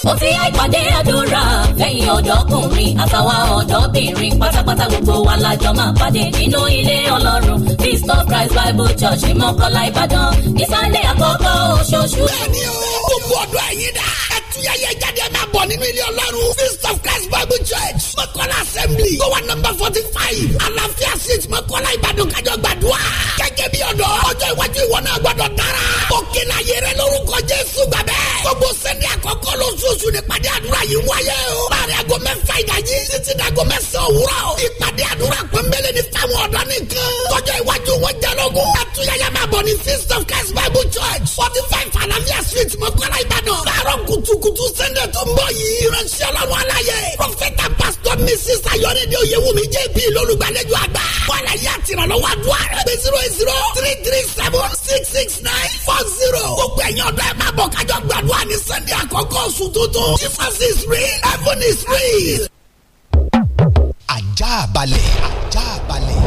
ó fi àìpàdé àdúrà lẹ́yìn ọ̀dọ́kùnrin àtàwọn ọ̀dọ́bìnrin pátápátá gbogbo wa lájọ máa pàdé nínú ilé ọlọ́run feast of christ bible church ìmọ̀kọ́lá ìbàdàn ní sunday àkọ́kọ́ oṣooṣù. bẹ́ẹ̀ni o gbogbo ọ̀dọ́ ẹ̀yin dá ẹtúyẹyẹ jáde máa bọ̀ nínú ilé ọlọ́run feast of christ bible church mọ̀kọ́lá assembly tó wà nọ́mbà forty five àlàáfíà street mọ̀kọ́lá ìbàdàn kájọ gbàdúrà gẹ́gẹ́ bí ọ̀dọ́ ọjọ́ iwájú ìwọ náà gbọ́dọ̀ dára òkè láyé rẹ lórúkọ jésù gbàb gbogbo sẹ́ni àkọ́kọ́ lóṣooṣù nípàdé àdúrà yìí wáyé o. láàrin aago mẹ́fà ìdájí títí dàgọ́ mẹ́sàn-án òwúrọ̀ o. ìpàdé àdúrà pẹ́ńbélé ni fáwọn ọ̀dọ́ nìkan. tọ́jọ́ iwájú wọn jalógun. àtúnyẹyẹ máa bọ̀ ní feast of christ bible church forty five alamiya street mọ́kànlá ìbàdàn. láàárọ̀ kùtùkùtù sẹ́ndẹ̀ tó ń bọ̀ yìí ìránṣẹ́ ọlọ́run aláyẹ. prọfẹ̀tà pásítọ̀ mrs ayọ̀dẹ̀dẹ̀ oyewumi jp lọ́lùgbàlejò àgbà. wàhálà yà tìrànlọ́wọ́ àdúrà ẹgbẹ́ zero eight zero three three seven six six nine four zero. gbogbo ẹ̀yin ọ̀dọ́ ẹ̀ máa bọ̀ kájọ gbàdú wà ní sẹ́ndí àkọ́kọ́ oṣù tuntun Jesus is real heaven is real. ajá balẹ̀ ajá balẹ̀.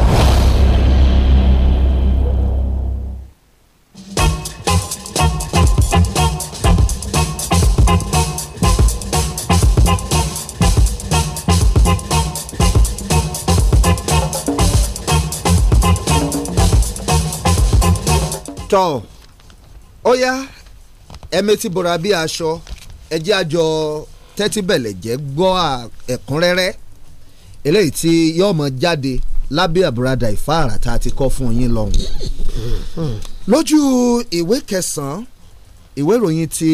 tọ́ ó yá ẹ̀mẹ́tì bora bí aṣọ ẹjẹ́ àjọ tẹ́tí bẹ̀lẹ̀ jẹ́ gbọ́ ẹ̀kúnrẹ́rẹ́ eléyìí tí yóò mọ jáde lábẹ́ àbúradà ìfáàrà tá a ti kọ́ fún yín lọ́hùn. lójú ìwé kẹsàn ìwé ìròyìn ti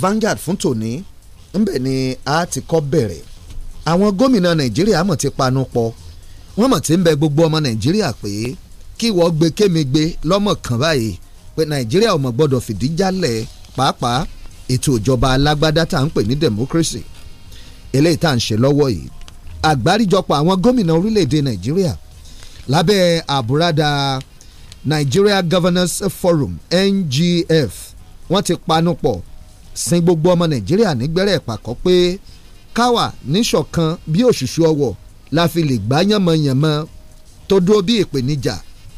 Vanguard fún tòní ńbẹ̀ ni a ti kọ́ bẹ̀rẹ̀ àwọn gómìnà Nàìjíríà mọ̀ ti panu pọ̀ wọ́n mọ̀ ti ń bẹ gbogbo ọmọ Nàìjíríà pé kí wọ́n gbé kémi gbé lọ́mọ kan báyìí pé nàìjíríà ọmọ gbọ́dọ̀ fìdí jálẹ̀ pàápàá ètò ìjọba alágbádá tá à ń pè ní democracy eléyìí tá à ń ṣe lọ́wọ́ yìí àgbáríjọpọ̀ àwọn gómìnà orílẹ̀-èdè nàìjíríà lábẹ́ àbúradà Nigeria Governors Forum NGF wọ́n ti panupọ̀ sin gbogbo ọmọ nàìjíríà nígbẹ́rẹ́ ìpàkọ́ pé káwa níṣọ̀kan bí òṣùṣù ọwọ̀ la fi lè gbá yànmọ́yànmọ́ tó dúró bí ìpèníjà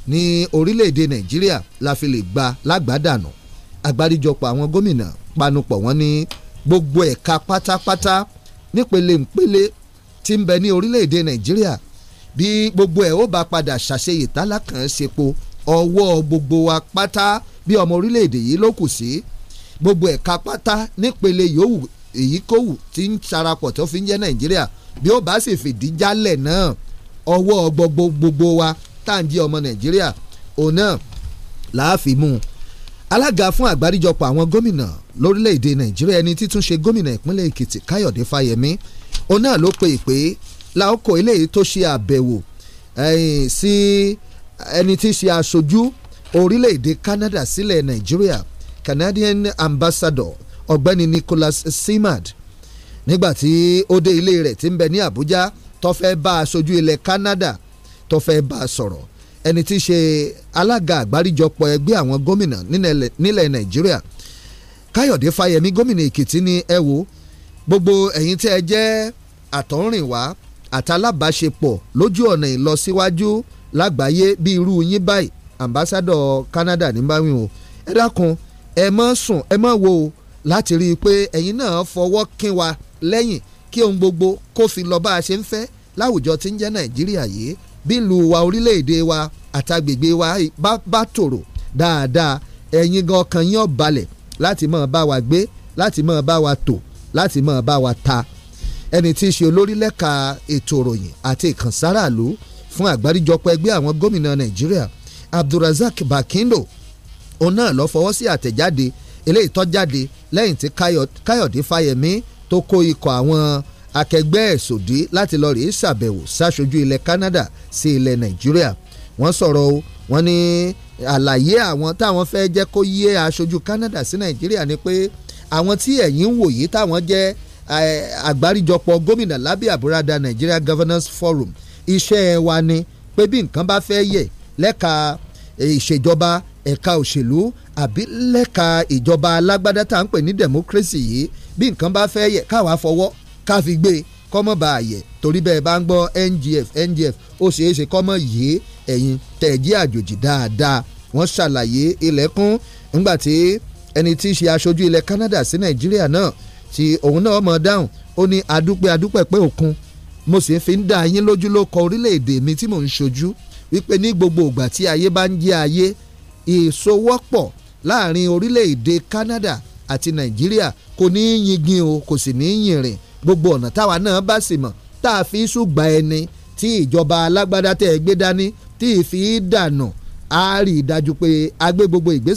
ní orílẹ̀-èdè nàìjíríà la fi lè gba lágbàdànù àgbáríjọpọ̀ àwọn gómìnà panupọ̀ wọ́n ní gbogbo ẹ̀ka pátápátá nípele ńpele tí ń bẹ ní orílẹ̀-èdè nàìjíríà bí gbogbo ẹ̀ ó bá padà ṣàṣeyè tálákàn ṣepo ọwọ́ gbogbo wa pátá bí ọmọ orílẹ̀-èdè yìí ló kù sí gbogbo ẹ̀ka pátá nípele yòówù èyí kòwù ń sarapọ̀ tó fi ń jẹ́ nàìjíríà bí ó bá sì fìdí jálẹ̀ náà ọwọ́ gbogbo gbogbo wa tá à ń jẹ́ ọmọ nàìjíríà òun náà làá fi mú un alága fún àgbáríjọpọ̀ àwọn gómìnà lórílẹ̀‐èdè nàìjíríà ẹni títún ṣe gómìnà ìpínlẹ̀ èkìtì káyọ̀dé fáyẹmí òun náà ló pe ìpè láòkò eléyìí tó ṣe àbẹ̀wò eh, sí ẹni tí ṣe aṣojú orílẹ̀‐èdè canada sílẹ̀ nàìjíríà canadian ambassador ọ̀gbẹ́ni nicholas simard nígbàtí ó dé ilé rẹ̀ tí ń bẹ ní àbújá tó fẹ́ bá aṣojú ilẹ̀ canada tó fẹ́ bá a sọ̀rọ̀ ẹni tí í ṣe alága àgbáríjọpọ̀ ẹgbẹ́ àwọn gómìnà nílẹ̀ nàìjíríà káyọ̀dé fáyẹmí gómìnà èkìtì ní ẹ wo gbogbo ẹ̀yin tí ẹ jẹ́ àtọ̀rìnwá àtàlábàṣepọ̀ lójú ọ̀nà ìlọsíwájú lágbàáyé bí irú yín báyìí ambassadọ̀ Canada ní báwí o ẹ dákun ẹ má sùn ẹ má wo o láti rí i pé ẹ̀yin náà fọwọ́ kín wa lẹ́yìn kí ohun gbogbo kó fi lọ bá a ṣe ń fẹ́ láwùjọ tí ń jẹ́ Nàìjíríà yìí bílù wa orílẹ̀-èdè wa àtàgbègbè wa bá tòrò dáadáa ẹ̀yin gan ọkàn yín ó balẹ̀ láti máa bá wa gbé láti máa bá wa tò láti máa bá wa ta ẹni tí í ṣe olórí lẹ́ka ètò ìròyìn àti ìkànsáráàlú fún àgbáríjọpọ̀ ẹgbẹ́ àwọn gómìnà nàìjíríà abdulrasaq bakindo òun náà lọ fọwọ́ sí àtẹ̀jáde eléyìí tó jáde lẹ́yìn tí káyọ̀dé fáyẹ̀mí tó kó ikọ̀ àwọn akẹgbẹ́ ẹ̀ sòdí láti lọ rèé ṣàbẹ̀wò sáṣojú ilẹ̀ Canada sí ilẹ̀ Nàìjíríà wọ́n sọ̀rọ̀ o wọ́n ní àlàyé àwọn táwọn fẹ́ jẹ́ kó yé aṣojú Canada sí Nàìjíríà ni pé àwọn tí ẹ̀yìn ń wòye táwọn jẹ́ àgbáríjọpọ̀ gómìnà lábẹ́ àbúradà Nigeria Governance Forum iṣẹ́ wa ni pé bí nǹkan bá fẹ́ yẹ lẹ́ka ìṣèjọba ẹ̀ka òṣèlú àbí lẹ́ka ìjọba alágbádá tá à ń pè ní democracy yìí bí nǹkan bá fẹ́ yẹ káwa fọwọ́ ká fi gbé e, kọ́mọ̀ bá àyẹ̀ torí bẹ́ẹ̀ bá ń gbọ́ NGF NGF ó ṣeé ṣe kọ́mọ̀ yìí ẹ̀yin tẹ̀jí àjòjì dáadáa wọ́n ṣàlàyé ilẹ̀kùn ńgbà tí ẹni tí í ṣe aṣojú ilẹ̀ Canada sí Nàìjíríà náà tí òun náà mọ̀ dáhùn ó ní adúpẹ́ adúpẹ́ pé òkun mo sì fi ń dá yín lójú ló kọ orílẹ̀-èdè mi tí mò ń ṣojú wípé ní gbogbo ìgbà tí ayé bá ń jẹ́ ayé ìsowọ́pọ̀ láàrin orílẹ̀-èdè Canada àti Nàìjíríà kò ní í yingin o kò sì ní í yìnrìn gbogbo ọ̀nà táwa náà bá sì mọ̀ tá a fi ṣùgbọ́n ẹni tí ìjọba alágbádá tẹ̀ gbé dání tí ì fi dànù a rí i dájú pé a gbé gbogbo ìgbésẹ̀